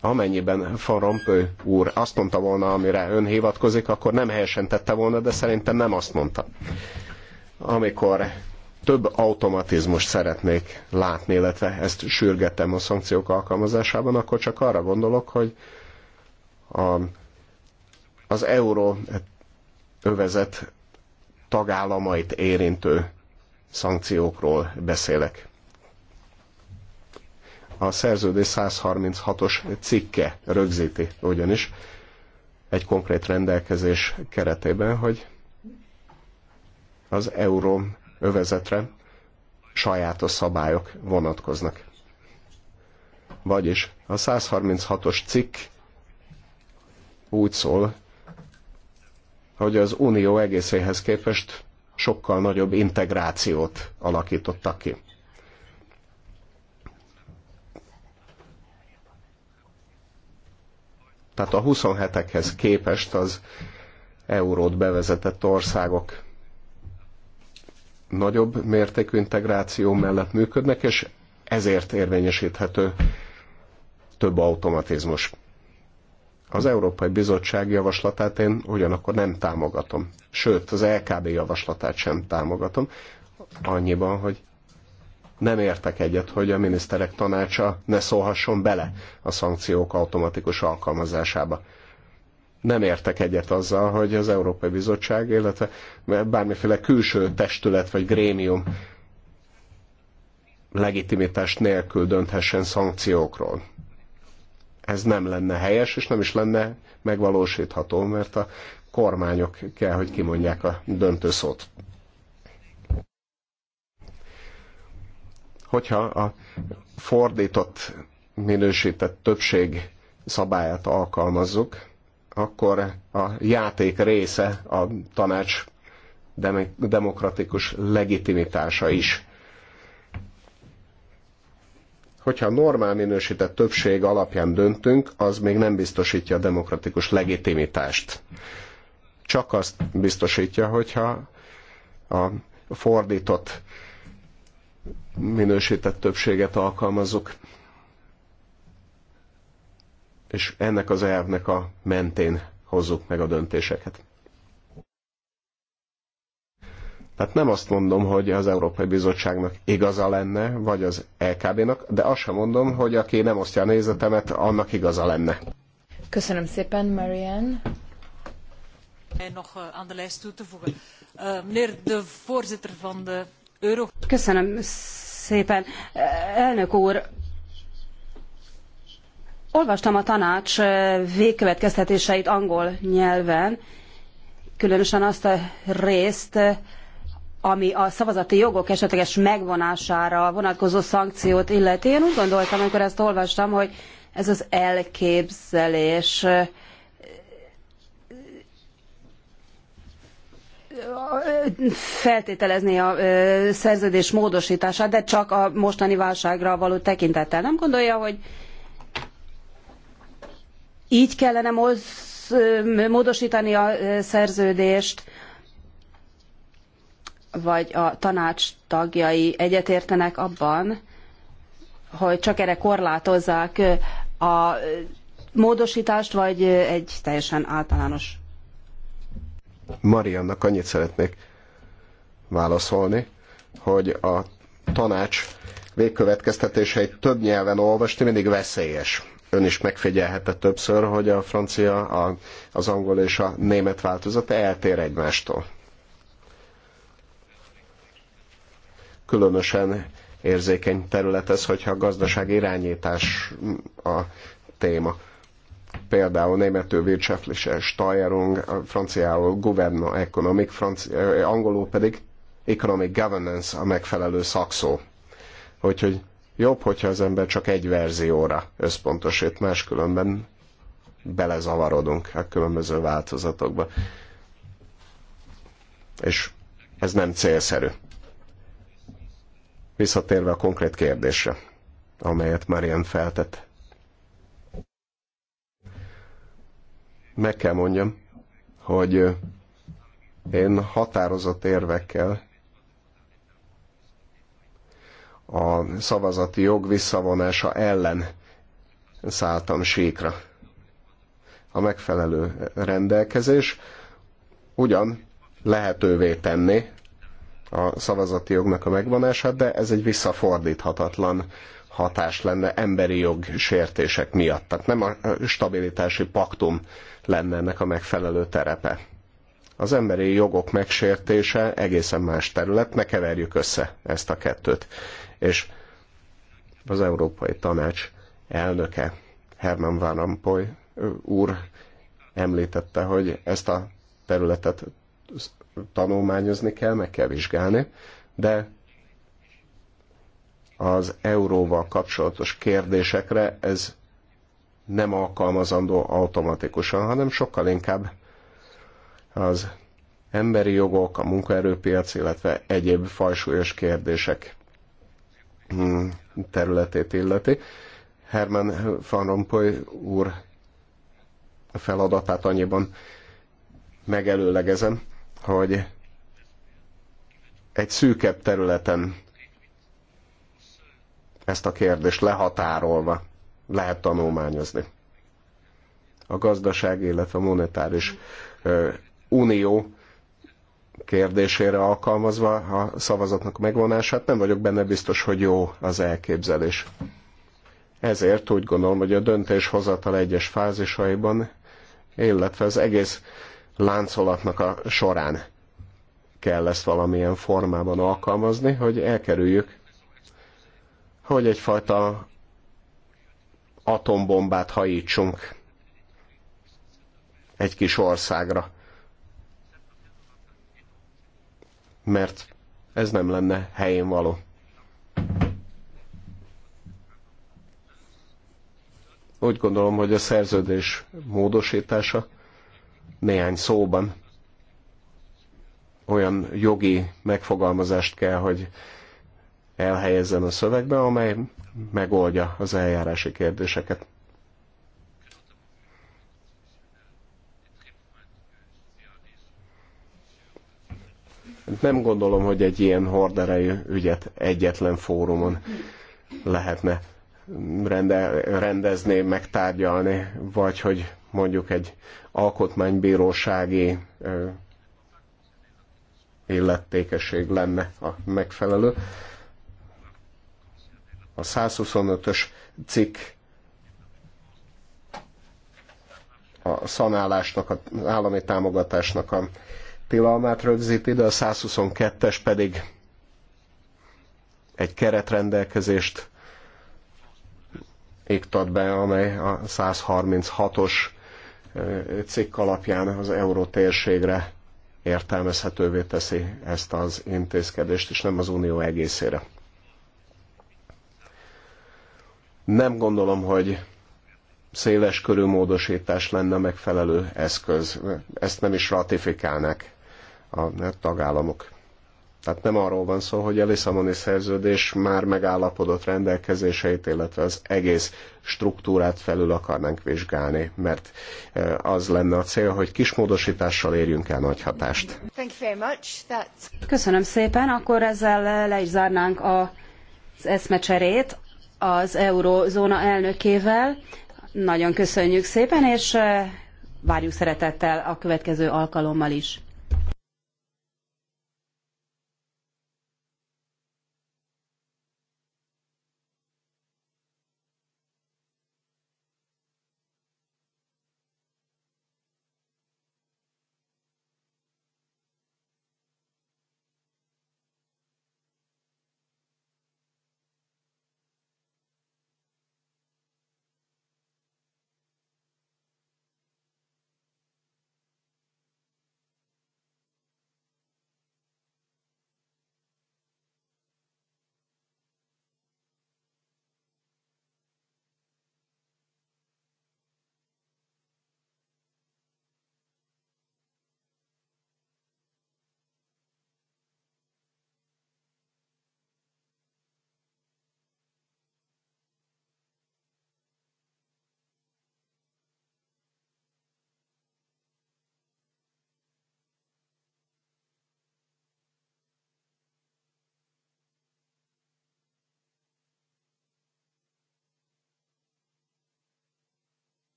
Speaker 2: amennyiben Farompő úr azt mondta volna, amire ön hivatkozik, akkor nem helyesen tette volna, de szerintem nem azt mondta. Amikor több automatizmust szeretnék látni, illetve ezt sürgetem a szankciók alkalmazásában, akkor csak arra gondolok, hogy a az euró övezet tagállamait érintő szankciókról beszélek. A szerződés 136-os cikke rögzíti ugyanis egy konkrét rendelkezés keretében, hogy az euró övezetre sajátos szabályok vonatkoznak. Vagyis a 136-os cikk úgy szól, hogy az Unió egészéhez képest sokkal nagyobb integrációt alakítottak ki. Tehát a 27-ekhez képest az eurót bevezetett országok nagyobb mértékű integráció mellett működnek, és ezért érvényesíthető több automatizmus. Az Európai Bizottság javaslatát én ugyanakkor nem támogatom, sőt, az LKB javaslatát sem támogatom, annyiban, hogy nem értek egyet, hogy a miniszterek tanácsa ne szólhasson bele a szankciók automatikus alkalmazásába. Nem értek egyet azzal, hogy az Európai Bizottság, illetve bármiféle külső testület vagy grémium legitimitás nélkül dönthessen szankciókról ez nem lenne helyes, és nem is lenne megvalósítható, mert a kormányok kell, hogy kimondják a szót. Hogyha a fordított minősített többség szabályát alkalmazzuk, akkor a játék része a tanács demokratikus legitimitása is hogyha normál minősített többség alapján döntünk, az még nem biztosítja a demokratikus legitimitást. Csak azt biztosítja, hogyha a fordított minősített többséget alkalmazzuk. És ennek az elvnek a mentén hozzuk meg a döntéseket. Tehát nem azt mondom, hogy az Európai Bizottságnak igaza lenne, vagy az LKB-nak, de azt sem mondom, hogy aki nem osztja a nézetemet, annak igaza lenne. Köszönöm szépen, Marianne.
Speaker 1: Eh, eh, Köszönöm szépen. Eh, elnök úr, olvastam a tanács végkövetkeztetéseit angol nyelven, különösen azt a részt, ami a szavazati jogok esetleges megvonására vonatkozó szankciót illeti. Én úgy gondoltam, amikor ezt olvastam, hogy ez az elképzelés feltételezni a szerződés módosítását, de csak a mostani válságra való tekintettel. Nem gondolja, hogy így kellene módosítani a szerződést, vagy a tanács tagjai egyetértenek abban, hogy csak erre korlátozzák a módosítást, vagy egy teljesen általános?
Speaker 2: Mariannak annyit szeretnék válaszolni, hogy a tanács végkövetkeztetéseit több nyelven olvasni mindig veszélyes. Ön is megfigyelhette többször, hogy a francia, a, az angol és a német változat eltér egymástól. különösen érzékeny terület ez, hogyha a gazdaság irányítás a téma. Például németül Wirtschaftliche Steuerung, franciául Gouvernement Economic, franci, eh, angolul pedig Economic Governance a megfelelő szakszó. Úgyhogy jobb, hogyha az ember csak egy verzióra összpontosít, máskülönben belezavarodunk a különböző változatokba. És ez nem célszerű. Visszatérve a konkrét kérdésre, amelyet már ilyen feltett. Meg kell mondjam, hogy én határozott érvekkel a szavazati jog visszavonása ellen szálltam síkra. A megfelelő rendelkezés ugyan lehetővé tenni a szavazati jognak a megvonását, de ez egy visszafordíthatatlan hatás lenne emberi jog sértések miatt. Tehát nem a stabilitási paktum lenne ennek a megfelelő terepe. Az emberi jogok megsértése egészen más terület, ne keverjük össze ezt a kettőt. És az Európai Tanács elnöke Herman Van Rompuy úr említette, hogy ezt a területet tanulmányozni kell, meg kell vizsgálni, de az euróval kapcsolatos kérdésekre ez nem alkalmazandó automatikusan, hanem sokkal inkább az emberi jogok, a munkaerőpiac, illetve egyéb fajsúlyos kérdések hmm, területét illeti. Herman van Rompuy úr feladatát annyiban megelőlegezem, hogy egy szűkebb területen ezt a kérdést lehatárolva lehet tanulmányozni. A gazdaság, illetve a monetáris unió kérdésére alkalmazva a szavazatnak megvonását, nem vagyok benne biztos, hogy jó az elképzelés. Ezért úgy gondolom, hogy a döntéshozatal egyes fázisaiban, illetve az egész láncolatnak a során kell ezt valamilyen formában alkalmazni, hogy elkerüljük, hogy egyfajta atombombát hajítsunk egy kis országra. Mert ez nem lenne helyén való. Úgy gondolom, hogy a szerződés módosítása néhány szóban olyan jogi megfogalmazást kell, hogy elhelyezzen a szövegbe, amely megoldja az eljárási kérdéseket. Nem gondolom, hogy egy ilyen horderejű ügyet egyetlen fórumon lehetne rende, rendezni, megtárgyalni, vagy hogy mondjuk egy alkotmánybírósági illetékesség lenne a megfelelő. A 125-ös cikk a szanálásnak, az állami támogatásnak a tilalmát rögzíti, de a 122-es pedig egy keretrendelkezést iktat be, amely a 136-os cikk alapján az térségre értelmezhetővé teszi ezt az intézkedést, és nem az unió egészére. Nem gondolom, hogy széles körű lenne lenne megfelelő eszköz. Ezt nem is ratifikálnak a tagállamok. Tehát nem arról van szó, hogy a Lisszaboni szerződés már megállapodott rendelkezéseit, illetve az egész struktúrát felül akarnánk vizsgálni, mert e, az lenne a cél, hogy kis módosítással érjünk el nagy hatást.
Speaker 1: Köszönöm szépen, akkor ezzel le is zárnánk az eszmecserét az Eurózóna elnökével. Nagyon köszönjük szépen, és e, várjuk szeretettel a következő alkalommal is.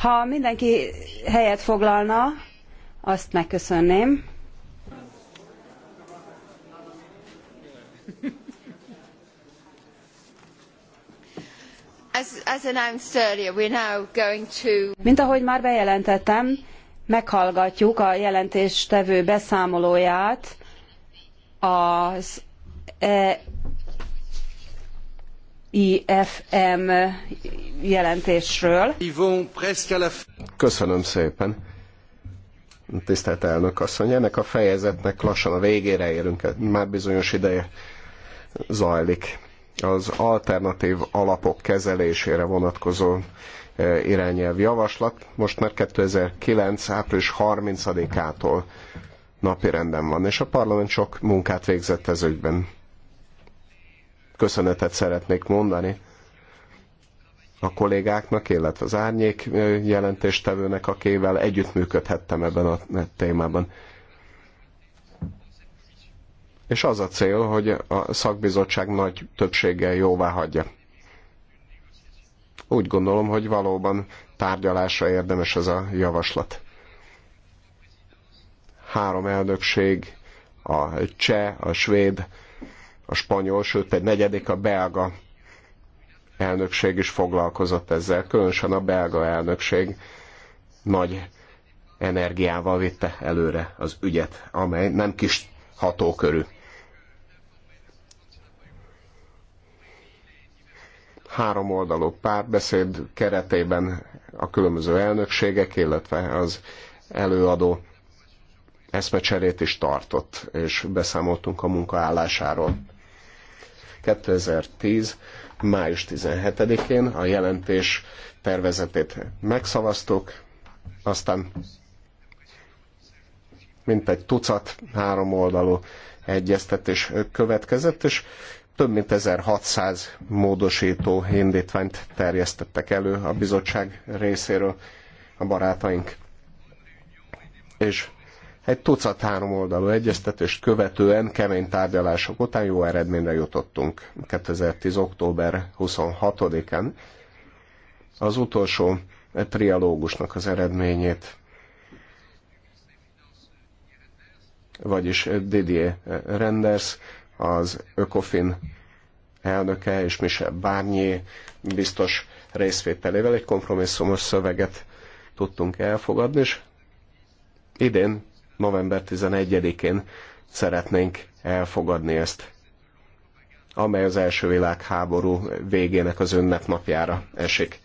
Speaker 1: Ha mindenki helyet foglalna, azt megköszönném. Mint ahogy már bejelentettem, meghallgatjuk a jelentéstevő beszámolóját az e- IFM jelentésről.
Speaker 2: Köszönöm szépen. Tisztelt elnök asszony, ennek a fejezetnek lassan a végére érünk, már bizonyos ideje zajlik. Az alternatív alapok kezelésére vonatkozó e, irányelv javaslat most már 2009. április 30-ától napirenden van, és a parlament sok munkát végzett ez ügyben köszönetet szeretnék mondani a kollégáknak, illetve az árnyék jelentéstevőnek, akivel együttműködhettem ebben a e, témában. És az a cél, hogy a szakbizottság nagy többséggel jóvá hagyja. Úgy gondolom, hogy valóban tárgyalásra érdemes ez a javaslat. Három elnökség, a cseh, a svéd, a spanyol, sőt egy negyedik a belga elnökség is foglalkozott ezzel. Különösen a belga elnökség nagy energiával vitte előre az ügyet, amely nem kis hatókörű. Három oldalú párbeszéd keretében a különböző elnökségek, illetve az előadó eszmecserét is tartott, és beszámoltunk a munkaállásáról. 2010. május 17-én a jelentés tervezetét megszavaztuk, aztán mint egy tucat háromoldalú egyeztetés következett, és több mint 1600 módosító indítványt terjesztettek elő a bizottság részéről a barátaink. És egy tucat három oldalú egyeztetést követően kemény tárgyalások után jó eredményre jutottunk 2010. október 26-án. Az utolsó trialógusnak az eredményét, vagyis Didier Renders, az Ökofin elnöke és Michel Barnier biztos részvételével egy kompromisszumos szöveget tudtunk elfogadni, és idén november 11-én szeretnénk elfogadni ezt, amely az első világháború végének az ünnepnapjára esik.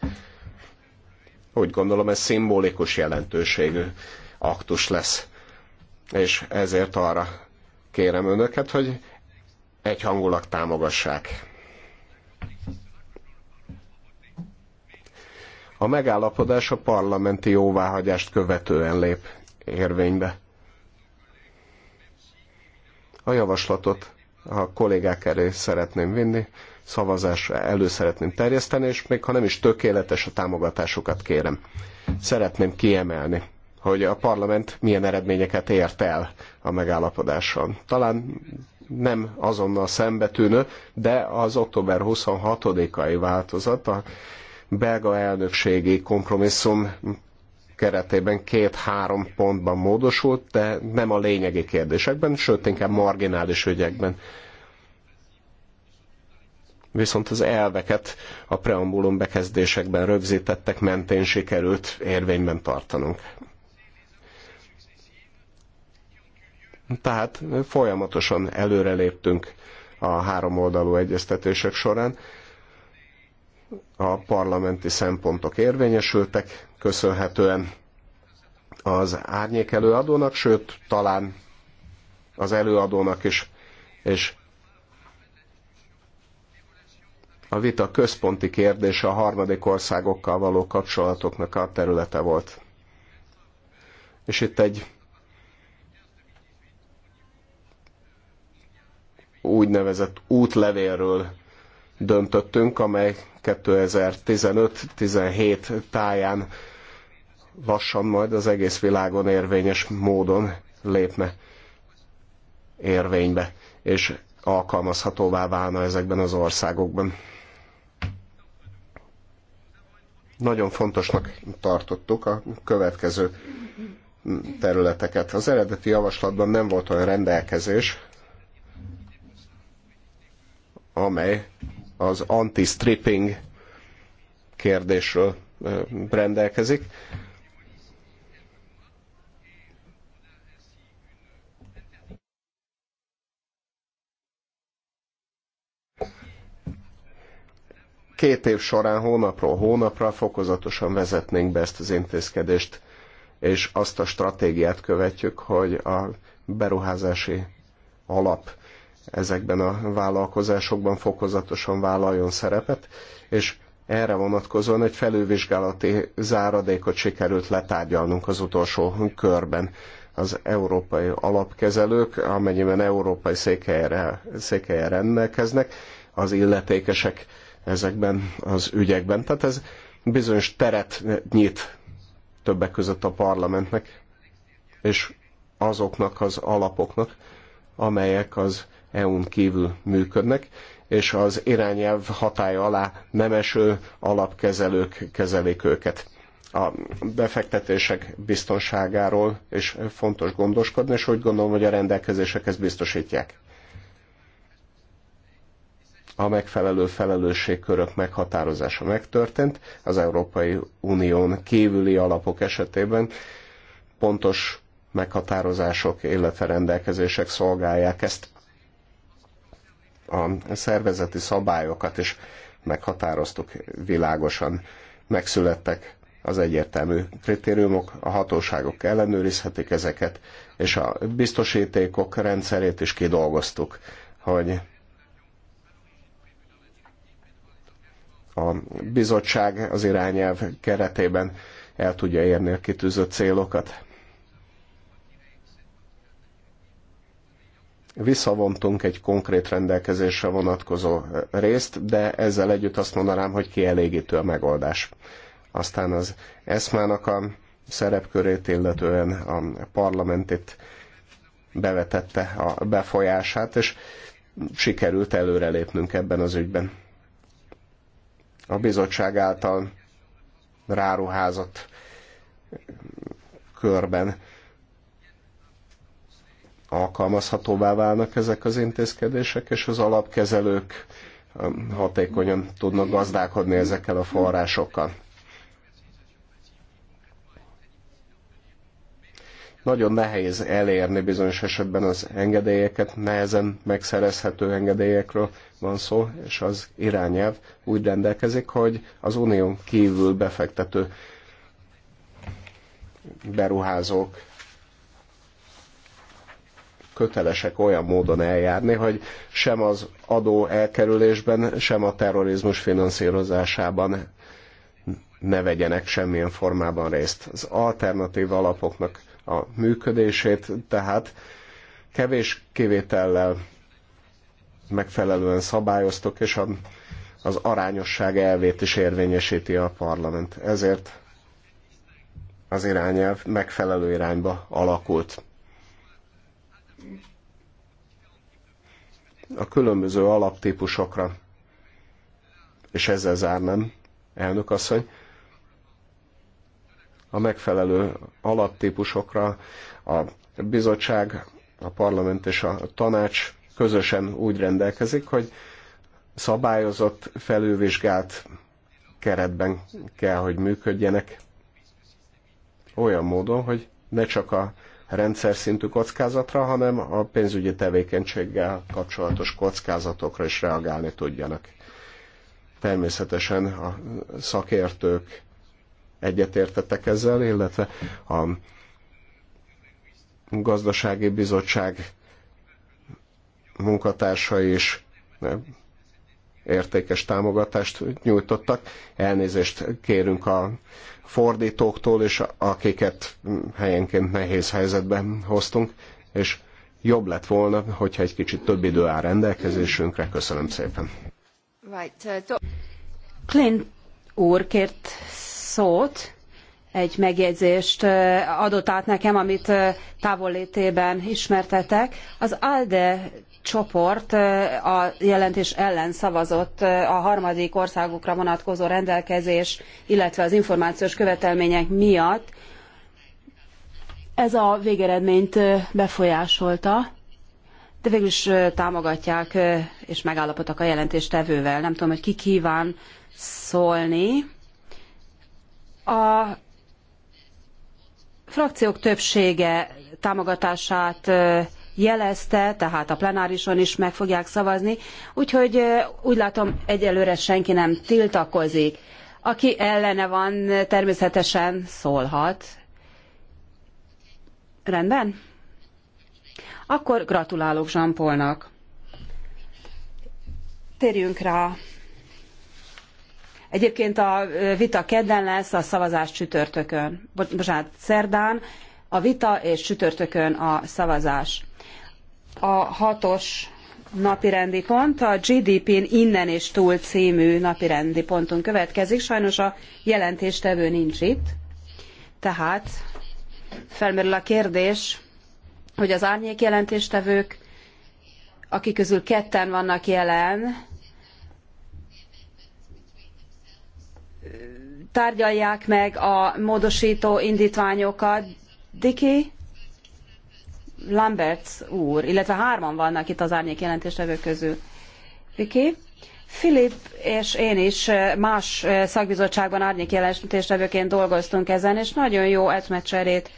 Speaker 2: Úgy gondolom, ez szimbolikus jelentőségű aktus lesz, és ezért arra kérem önöket, hogy egyhangulag támogassák. A megállapodás a parlamenti jóváhagyást követően lép érvénybe. A javaslatot a kollégák elé szeretném vinni, szavazásra elő szeretném terjeszteni, és még ha nem is tökéletes a támogatásukat kérem. Szeretném kiemelni, hogy a parlament milyen eredményeket ért el a megállapodáson. Talán nem azonnal szembetűnő, de az október 26-ai változat a belga elnökségi kompromisszum keretében két-három pontban módosult, de nem a lényegi kérdésekben, sőt inkább marginális ügyekben. Viszont az elveket a preambulum bekezdésekben rögzítettek mentén sikerült érvényben tartanunk. Tehát folyamatosan előreléptünk a három oldalú egyeztetések során, a parlamenti szempontok érvényesültek, köszönhetően az árnyék előadónak, sőt, talán az előadónak is, és a vita központi kérdése a harmadik országokkal való kapcsolatoknak a területe volt. És itt egy úgynevezett útlevélről döntöttünk, amely 2015-17 táján lassan majd az egész világon érvényes módon lépne érvénybe, és alkalmazhatóvá válna ezekben az országokban. Nagyon fontosnak tartottuk a következő területeket. Az eredeti javaslatban nem volt olyan rendelkezés, amely az anti-stripping kérdésről rendelkezik. Két év során hónapról hónapra fokozatosan vezetnénk be ezt az intézkedést, és azt a stratégiát követjük, hogy a beruházási alap ezekben a vállalkozásokban fokozatosan vállaljon szerepet, és erre vonatkozóan egy felülvizsgálati záradékot sikerült letárgyalnunk az utolsó körben az európai alapkezelők, amennyiben európai székhelyre, székhelyre rendelkeznek, az illetékesek ezekben az ügyekben. Tehát ez bizonyos teret nyit többek között a parlamentnek, és azoknak az alapoknak, amelyek az EU-n kívül működnek, és az irányelv hatája alá nem eső alapkezelők kezelik őket. A befektetések biztonságáról és fontos gondoskodni, és úgy gondolom, hogy a rendelkezések ezt biztosítják. A megfelelő felelősségkörök meghatározása megtörtént az Európai Unión kívüli alapok esetében. Pontos meghatározások, illetve rendelkezések szolgálják ezt a szervezeti szabályokat is meghatároztuk világosan, megszülettek az egyértelmű kritériumok, a hatóságok ellenőrizhetik ezeket, és a biztosítékok rendszerét is kidolgoztuk, hogy a bizottság az irányelv keretében el tudja érni a kitűzött célokat. visszavontunk egy konkrét rendelkezésre vonatkozó részt, de ezzel együtt azt mondanám, hogy kielégítő a megoldás. Aztán az eszmának a szerepkörét, illetően a parlament itt bevetette a befolyását, és sikerült előrelépnünk ebben az ügyben. A bizottság által ráruházott körben alkalmazhatóvá válnak ezek az intézkedések, és az alapkezelők um, hatékonyan tudnak gazdálkodni ezekkel a forrásokkal. Nagyon nehéz elérni bizonyos esetben az engedélyeket, nehezen megszerezhető engedélyekről van szó, és az irányelv úgy rendelkezik, hogy az unión kívül befektető beruházók kötelesek olyan módon eljárni, hogy sem az adó elkerülésben, sem a terrorizmus finanszírozásában ne vegyenek semmilyen formában részt. Az alternatív alapoknak a működését tehát kevés kivétellel megfelelően szabályoztok, és a, az arányosság elvét is érvényesíti a parlament. Ezért az irányelv megfelelő irányba alakult a különböző alaptípusokra. És ezzel zárnám, elnök asszony. A megfelelő alaptípusokra a bizottság, a parlament és a tanács közösen úgy rendelkezik, hogy szabályozott, felülvizsgált keretben kell, hogy működjenek. Olyan módon, hogy ne csak a rendszer szintű kockázatra, hanem a pénzügyi tevékenységgel kapcsolatos kockázatokra is reagálni tudjanak. Természetesen a szakértők egyetértettek ezzel, illetve a gazdasági bizottság munkatársai is értékes támogatást nyújtottak. Elnézést kérünk a fordítóktól is, akiket helyenként nehéz helyzetbe hoztunk, és jobb lett volna, hogyha egy kicsit több idő áll rendelkezésünkre. Köszönöm szépen.
Speaker 1: Uh, Clint úr kért szót, egy megjegyzést uh, adott át nekem, amit uh, távollétében ismertetek. Az ALDE csoport a jelentés ellen szavazott a harmadik országokra vonatkozó rendelkezés, illetve az információs követelmények miatt. Ez a végeredményt befolyásolta, de végül is támogatják és megállapodtak a jelentéstevővel. Nem tudom, hogy ki kíván szólni. A frakciók többsége támogatását jelezte, tehát a plenárison is meg fogják szavazni, úgyhogy úgy látom egyelőre senki nem tiltakozik. Aki ellene van, természetesen szólhat. Rendben? Akkor gratulálok Zsampolnak. Térjünk rá. Egyébként a vita kedden lesz, a szavazás csütörtökön. Bocsánat, szerdán a vita és csütörtökön a szavazás a hatos napirendi pont, a GDP-n innen és túl című napirendi ponton következik. Sajnos a jelentéstevő nincs itt, tehát felmerül a kérdés, hogy az árnyék jelentéstevők, akik közül ketten vannak jelen, tárgyalják meg a módosító indítványokat. Diki, Lamberts úr, illetve hárman vannak itt az árnyék jelentéstevők közül. Viki? Filip és én is más szakbizottságban árnyék jelentéstevőként dolgoztunk ezen, és nagyon jó etmecserét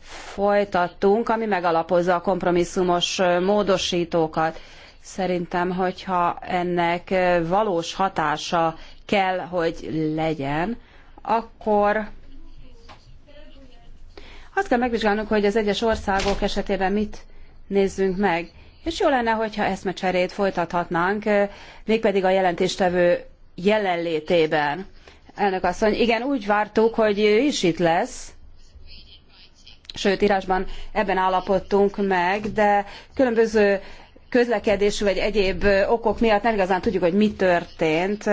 Speaker 1: folytattunk, ami megalapozza a kompromisszumos módosítókat. Szerintem, hogyha ennek valós hatása kell, hogy legyen, akkor azt kell megvizsgálnunk, hogy az egyes országok esetében mit nézzünk meg. És jó lenne, hogyha eszmecserét folytathatnánk, mégpedig a jelentéstevő jelenlétében. Elnök asszony, igen, úgy vártuk, hogy ő is itt lesz, sőt, írásban ebben állapodtunk meg, de különböző közlekedésű vagy egyéb okok miatt nem igazán tudjuk, hogy mi történt.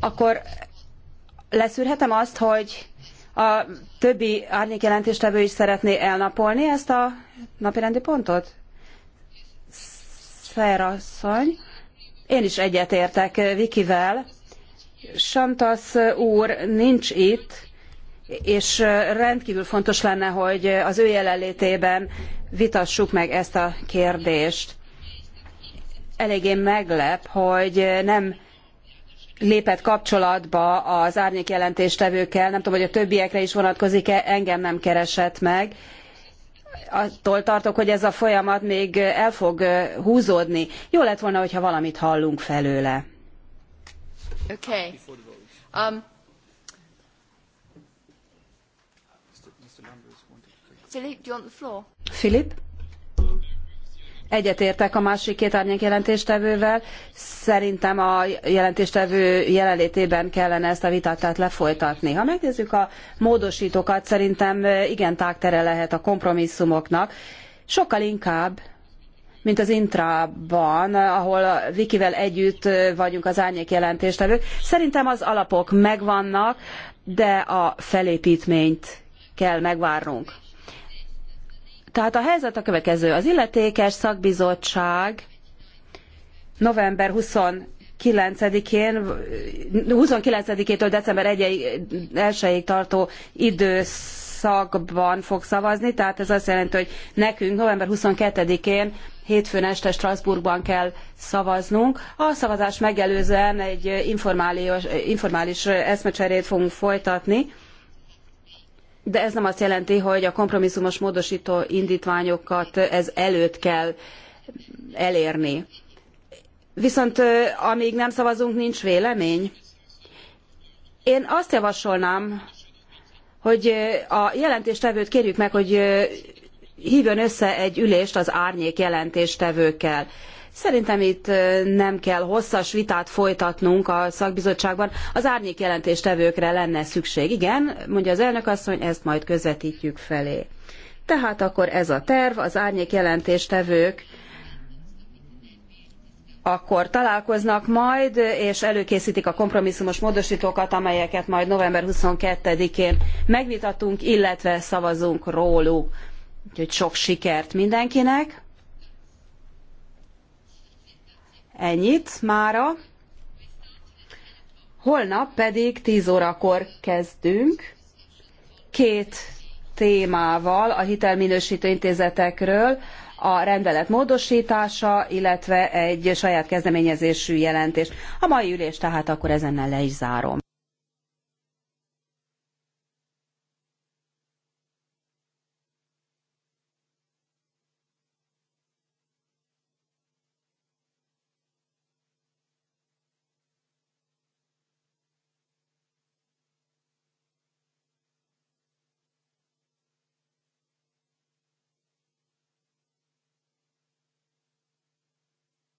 Speaker 1: Akkor leszűrhetem azt, hogy a többi árnyékjelentéstevő is szeretné elnapolni ezt a napirendi pontot? Szerasszony. Én is egyetértek Vikivel. Santasz úr nincs itt, és rendkívül fontos lenne, hogy az ő jelenlétében vitassuk meg ezt a kérdést. Eléggé meglep, hogy nem lépett kapcsolatba az árnyék jelentéstevőkkel, nem tudom, hogy a többiekre is vonatkozik-e, engem nem keresett meg. Attól tartok, hogy ez a folyamat még el fog húzódni. Jó lett volna, hogyha valamit hallunk felőle.
Speaker 4: Okay. Um, Philip, do you want the floor?
Speaker 1: Philip? Egyetértek a másik két árnyék jelentéstevővel. Szerintem a jelentéstevő jelenlétében kellene ezt a vitát tehát lefolytatni. Ha megnézzük a módosítókat, szerintem igen tágtere lehet a kompromisszumoknak. Sokkal inkább, mint az intrában, ahol a Vikivel együtt vagyunk az árnyék jelentéstevők. Szerintem az alapok megvannak, de a felépítményt kell megvárnunk. Tehát a helyzet a következő. Az illetékes szakbizottság november 29-én, 29-től december 1-ig tartó időszakban fog szavazni, tehát ez azt jelenti, hogy nekünk november 22-én hétfőn este Strasbourgban kell szavaznunk. A szavazás megelőzően egy informális, informális eszmecserét fogunk folytatni, de ez nem azt jelenti, hogy a kompromisszumos módosító indítványokat ez előtt kell elérni. Viszont amíg nem szavazunk, nincs vélemény. Én azt javasolnám, hogy a jelentéstevőt kérjük meg, hogy hívjon össze egy ülést az árnyék jelentéstevőkkel. Szerintem itt nem kell hosszas vitát folytatnunk a szakbizottságban. Az árnyék jelentéstevőkre lenne szükség. Igen, mondja az elnök asszony, ezt majd közvetítjük felé. Tehát akkor ez a terv, az árnyék jelentéstevők akkor találkoznak majd, és előkészítik a kompromisszumos módosítókat, amelyeket majd november 22-én megvitatunk, illetve szavazunk róluk. Úgyhogy sok sikert mindenkinek! Ennyit mára. Holnap pedig 10 órakor kezdünk két témával a hitelminősítő intézetekről, a rendelet módosítása, illetve egy saját kezdeményezésű jelentés. A mai ülés tehát akkor ezennel le is zárom.